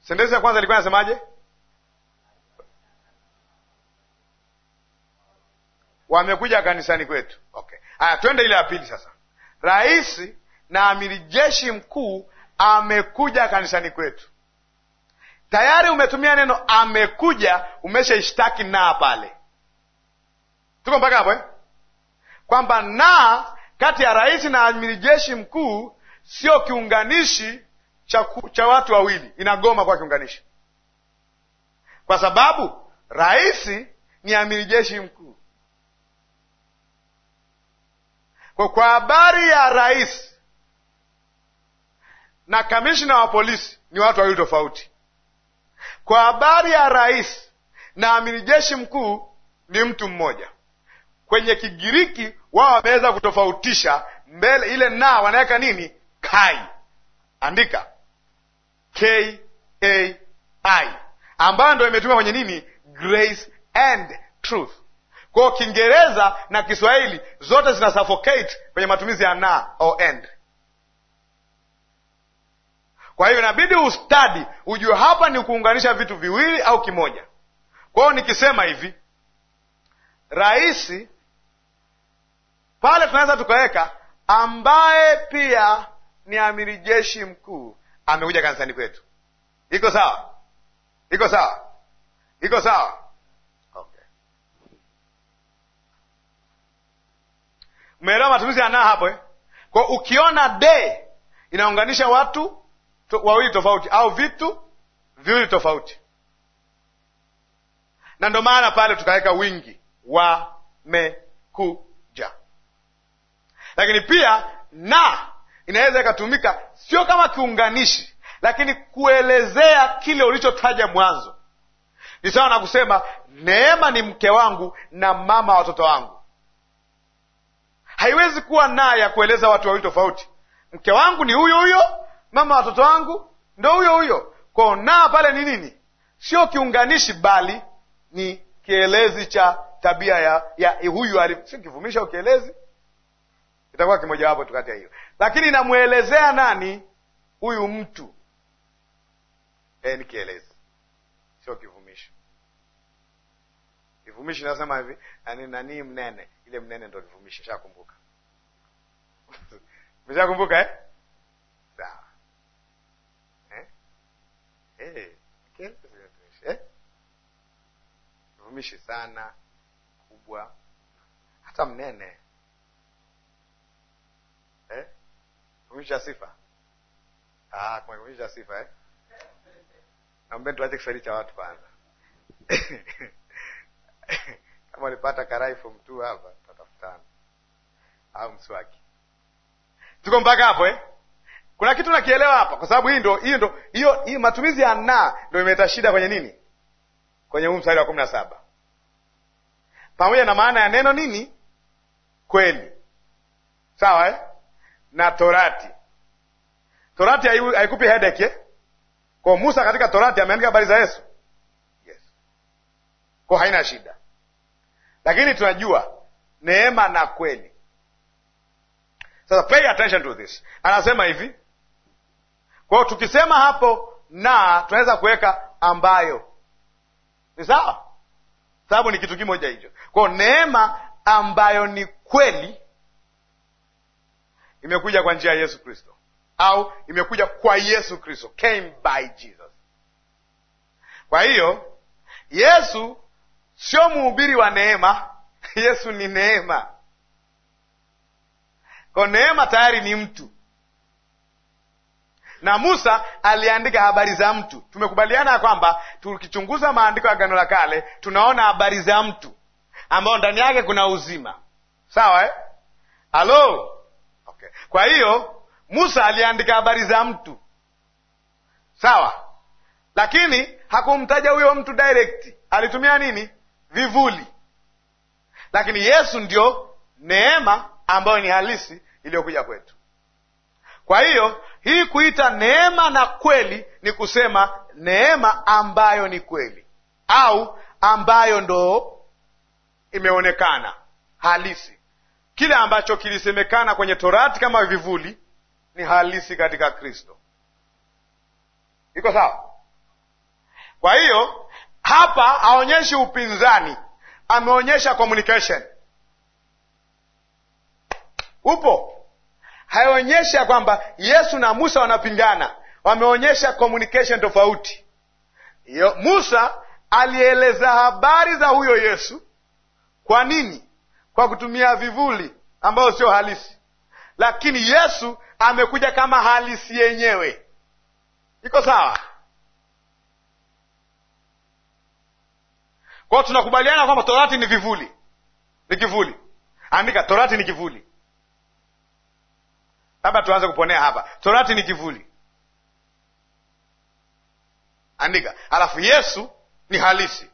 Sentensi ya kwanza ilikuwa inasemaje? Wamekuja kanisani kwetu. Okay, haya, twende ile ya pili sasa. Rais na amiri jeshi mkuu amekuja kanisani kwetu. Tayari umetumia neno amekuja, umeshaishtaki naa pale. Tuko mpaka hapo eh? Kwamba naa kati ya rais na amiri jeshi mkuu sio kiunganishi cha, cha watu wawili, inagoma kwa kiunganishi, kwa sababu rais ni amiri jeshi mkuu. Kwa habari ya rais na kamishna wa polisi ni watu wawili tofauti. Kwa habari ya rais na amiri jeshi mkuu ni mtu mmoja. Kwenye Kigiriki wao wameweza kutofautisha mbele, ile na wanaweka nini? Kai, andika K A I, ambayo ndo imetumia kwenye nini, grace and truth. Kwao Kiingereza na Kiswahili zote zina suffocate kwenye matumizi ya na o and kwa hiyo inabidi ustadi ujue hapa ni kuunganisha vitu viwili au kimoja. Kwa hiyo nikisema hivi, rahisi pale, tunaweza tukaweka ambaye pia ni amiri jeshi mkuu amekuja kanisani kwetu. Iko sawa? Iko sawa? Iko sawa? Okay. Umeelewa matumizi yanaa hapo eh? Kwa ukiona de inaunganisha watu to, wawili tofauti au vitu viwili tofauti, na ndo maana pale tukaweka wingi wamekuja. Lakini pia na inaweza ikatumika sio kama kiunganishi, lakini kuelezea kile ulichotaja mwanzo. Ni sawa na kusema Neema ni mke wangu na mama wa watoto wangu. Haiwezi kuwa na ya kueleza watu wawili tofauti. Mke wangu ni huyo huyo mama watoto wangu ndo huyo huyo ko Naa pale ni nini? Sio kiunganishi, bali ni kielezi cha tabia ya, ya huyu sio kivumisha ukielezi, itakuwa kimojawapo tu ya hiyo, lakini inamwelezea nani huyu mtu e, ni kielezi, sio kivumisho. Kivumishi nasema hivi nani, nani mnene, ile mnene ndo kivumishi. Shakumbuka? meshakumbuka eh? eh, eh? sana kubwa, hata mnene eh? mtumishi sifa ah, mtumishi wa sifa eh? Naomba tuache kiswahili cha watu kwanza. Kama walipata karai from two hapa tutatafutana, au mswaki. Tuko mpaka hapo eh? Kuna kitu nakielewa hapa, kwa sababu hii ndo hii ndo hiyo hii matumizi ya na ndo imeleta shida kwenye nini, kwenye huu mstari wa kumi na saba pamoja na maana ya neno nini, kweli, sawa eh? na torati. Torati haikupi headache eh? Kwa Musa katika torati ameandika habari za Yesu yes, kwa haina shida, lakini tunajua neema na kweli. Sasa pay attention to this, anasema hivi kwao tukisema hapo na tunaweza kuweka ambayo ni sawa, sababu ni kitu kimoja hicho. kwao neema ambayo ni kweli imekuja kwa njia ya Yesu Kristo au imekuja kwa Yesu Kristo, came by Jesus. Kwa hiyo Yesu sio muubiri wa neema, Yesu ni neema. ko neema tayari ni mtu na Musa aliandika habari za mtu. Tumekubaliana ya kwamba tukichunguza maandiko ya Agano la Kale tunaona habari za mtu ambao ndani yake kuna uzima, sawa eh? Halo, okay. Kwa hiyo Musa aliandika habari za mtu, sawa, lakini hakumtaja huyo mtu direct. Alitumia nini? Vivuli. Lakini Yesu ndio neema ambayo ni halisi iliyokuja kwetu. Kwa hiyo hii kuita neema na kweli ni kusema neema ambayo ni kweli au ambayo ndo imeonekana halisi. Kile ambacho kilisemekana kwenye Torati kama vivuli ni halisi katika Kristo. Iko sawa? Kwa hiyo hapa haonyeshi upinzani, ameonyesha communication upo haionyeshi ya kwamba Yesu na Musa wanapingana, wameonyesha communication tofauti. Yo, Musa alieleza habari za huyo Yesu. Kwa nini? Kwa kutumia vivuli ambayo sio halisi, lakini Yesu amekuja kama halisi yenyewe. Iko sawa? Kwao tunakubaliana kwamba Torati ni vivuli, ni kivuli. Andika, Torati ni kivuli. Labda tuanze kuponea hapa. Torati ni kivuli, andika. Alafu Yesu ni halisi,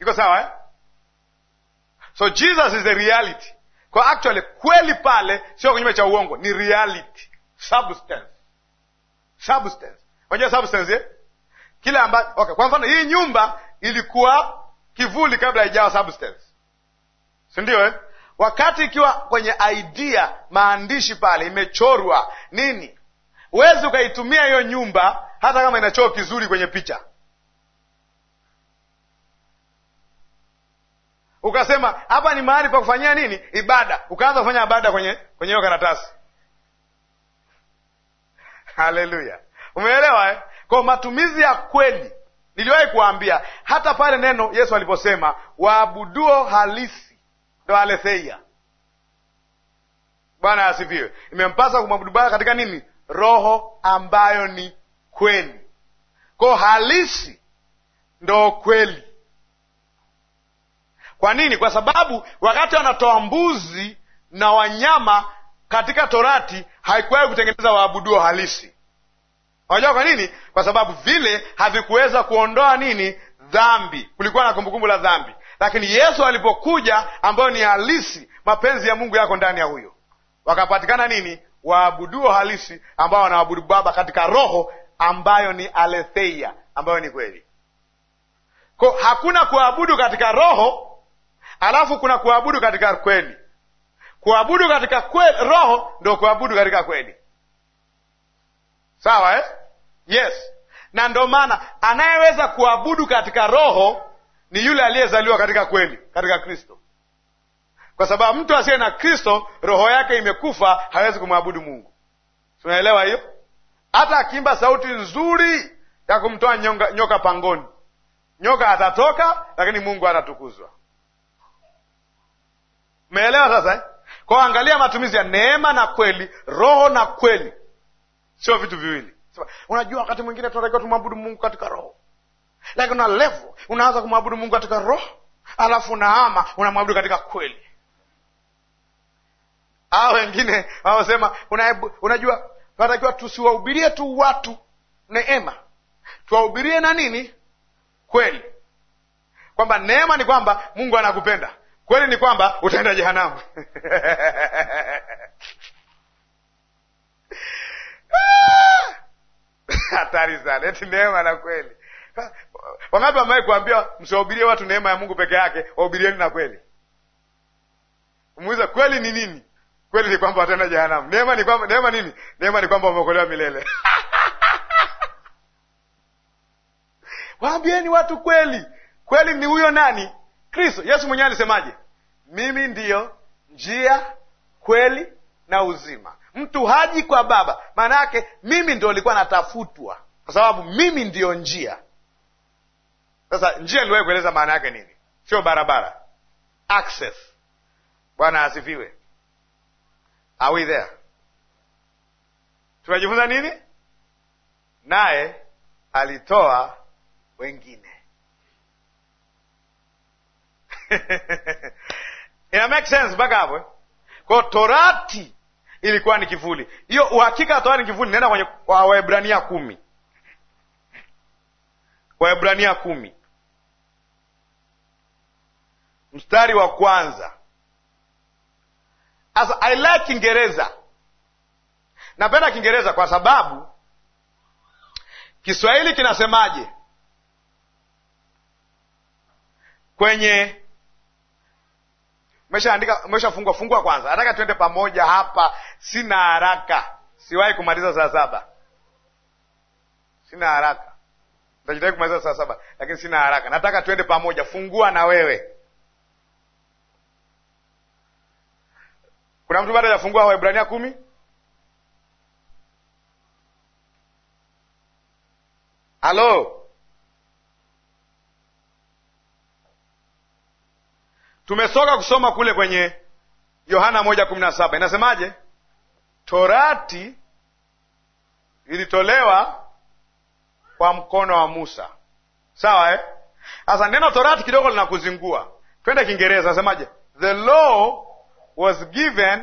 iko sawa eh? So Jesus is the reality. Kwa actually kweli pale sio kinyume cha uongo, ni reality, substance, substance. Unajua substance eh? Kile ambacho okay, kwa mfano hii nyumba ilikuwa kivuli kabla haijawa substance, si ndio eh? wakati ikiwa kwenye idea maandishi pale imechorwa nini, huwezi ukaitumia hiyo nyumba hata kama inachoo kizuri kwenye picha, ukasema hapa ni mahali pa kufanyia nini, ibada, ukaanza kufanya ibada kwenye kwenye hiyo karatasi. Haleluya, umeelewa eh? Kwa matumizi ya kweli, niliwahi kuwambia hata pale neno Yesu aliposema waabuduo halisi ndo aletheia. Bwana asifiwe. Imempasa kumwabudu Bwana katika nini? Roho ambayo ni kweli. ko halisi ndo kweli. Kwa nini? Kwa sababu wakati wanatoa mbuzi na wanyama katika Torati haikuwahi kutengeneza waabuduo halisi. Unajua kwa nini? Kwa sababu vile havikuweza kuondoa nini? Dhambi. Kulikuwa na kumbukumbu la dhambi lakini Yesu alipokuja, ambayo ni halisi mapenzi ya Mungu yako ndani ya huyo, wakapatikana nini? Waabuduo halisi ambao wanaabudu Baba katika roho ambayo ni aletheia, ambayo ni kweli. Ko, hakuna kuabudu katika roho alafu kuna kuabudu katika kweli. Kuabudu katika kweli, roho ndo kuabudu katika kweli, sawa eh? Yes, na ndo maana anayeweza kuabudu katika roho ni yule aliyezaliwa katika kweli, katika Kristo, kwa sababu mtu asiye na Kristo roho yake imekufa, hawezi kumwabudu Mungu. Tunaelewa hiyo? Hata akiimba sauti nzuri ya kumtoa nyoka pangoni, nyoka atatoka, lakini Mungu atatukuzwa. meelewa sasa eh? Kwa angalia matumizi ya neema na kweli, roho na kweli, sio vitu viwili. Unajua wakati mwingine tunatakiwa tumwabudu Mungu katika roho lakini una level, unaanza kumwabudu Mungu katika roho, alafu unaama unamwabudu katika kweli. Aa, wengine wanaosema unajua, natakiwa tusiwahubirie tu watu neema, tuwahubirie na nini? Kweli, kwamba neema ni kwamba Mungu anakupenda, kweli ni kwamba utaenda jehanamu. Ah! Hatari sana, eti neema na kweli Wangapi wamewahi kuambia msiwahubirie watu neema ya Mungu peke yake, wahubirieni na kweli? Muuliza kweli ni nini? Kweli ni kwamba watenda jehanamu. Neema ni kwamba neema nini? Neema ni kwamba wameokolewa milele. Waambieni watu kweli. Kweli ni huyo nani? Kristo. Yesu mwenyewe alisemaje? Mimi ndiyo njia, kweli na uzima, mtu haji kwa Baba. Maana yake mimi ndio likuwa natafutwa, kwa sababu mimi ndiyo njia sasa njia niliwahi kueleza maana yake nini, sio barabara, access. Bwana asifiwe. Are we there? Tunajifunza nini? Naye alitoa wengine ina make sense mpaka hapo. Eh? Kwa torati ilikuwa ni kivuli, hiyo uhakika torati ni kivuli. Naenda kwenye Waebrania kumi, Waebrania kumi mstari wa kwanza. Sasa I like Kiingereza, napenda Kiingereza kwa sababu Kiswahili kinasemaje kwenye umeshaandika fungua kwanza, nataka tuende pamoja hapa, sina haraka, siwahi kumaliza saa saba, sina haraka, ntajitai kumaliza saa saba, lakini sina haraka, nataka tuende pamoja. Fungua na wewe Kuna mtu bado hajafungua Waebrania kumi? Halo, tumesoka kusoma kule kwenye Yohana moja kumi na saba inasemaje? Torati ilitolewa kwa mkono wa Musa, sawa eh? Sasa neno torati kidogo linakuzingua. Twende Kiingereza, nasemaje? The law was given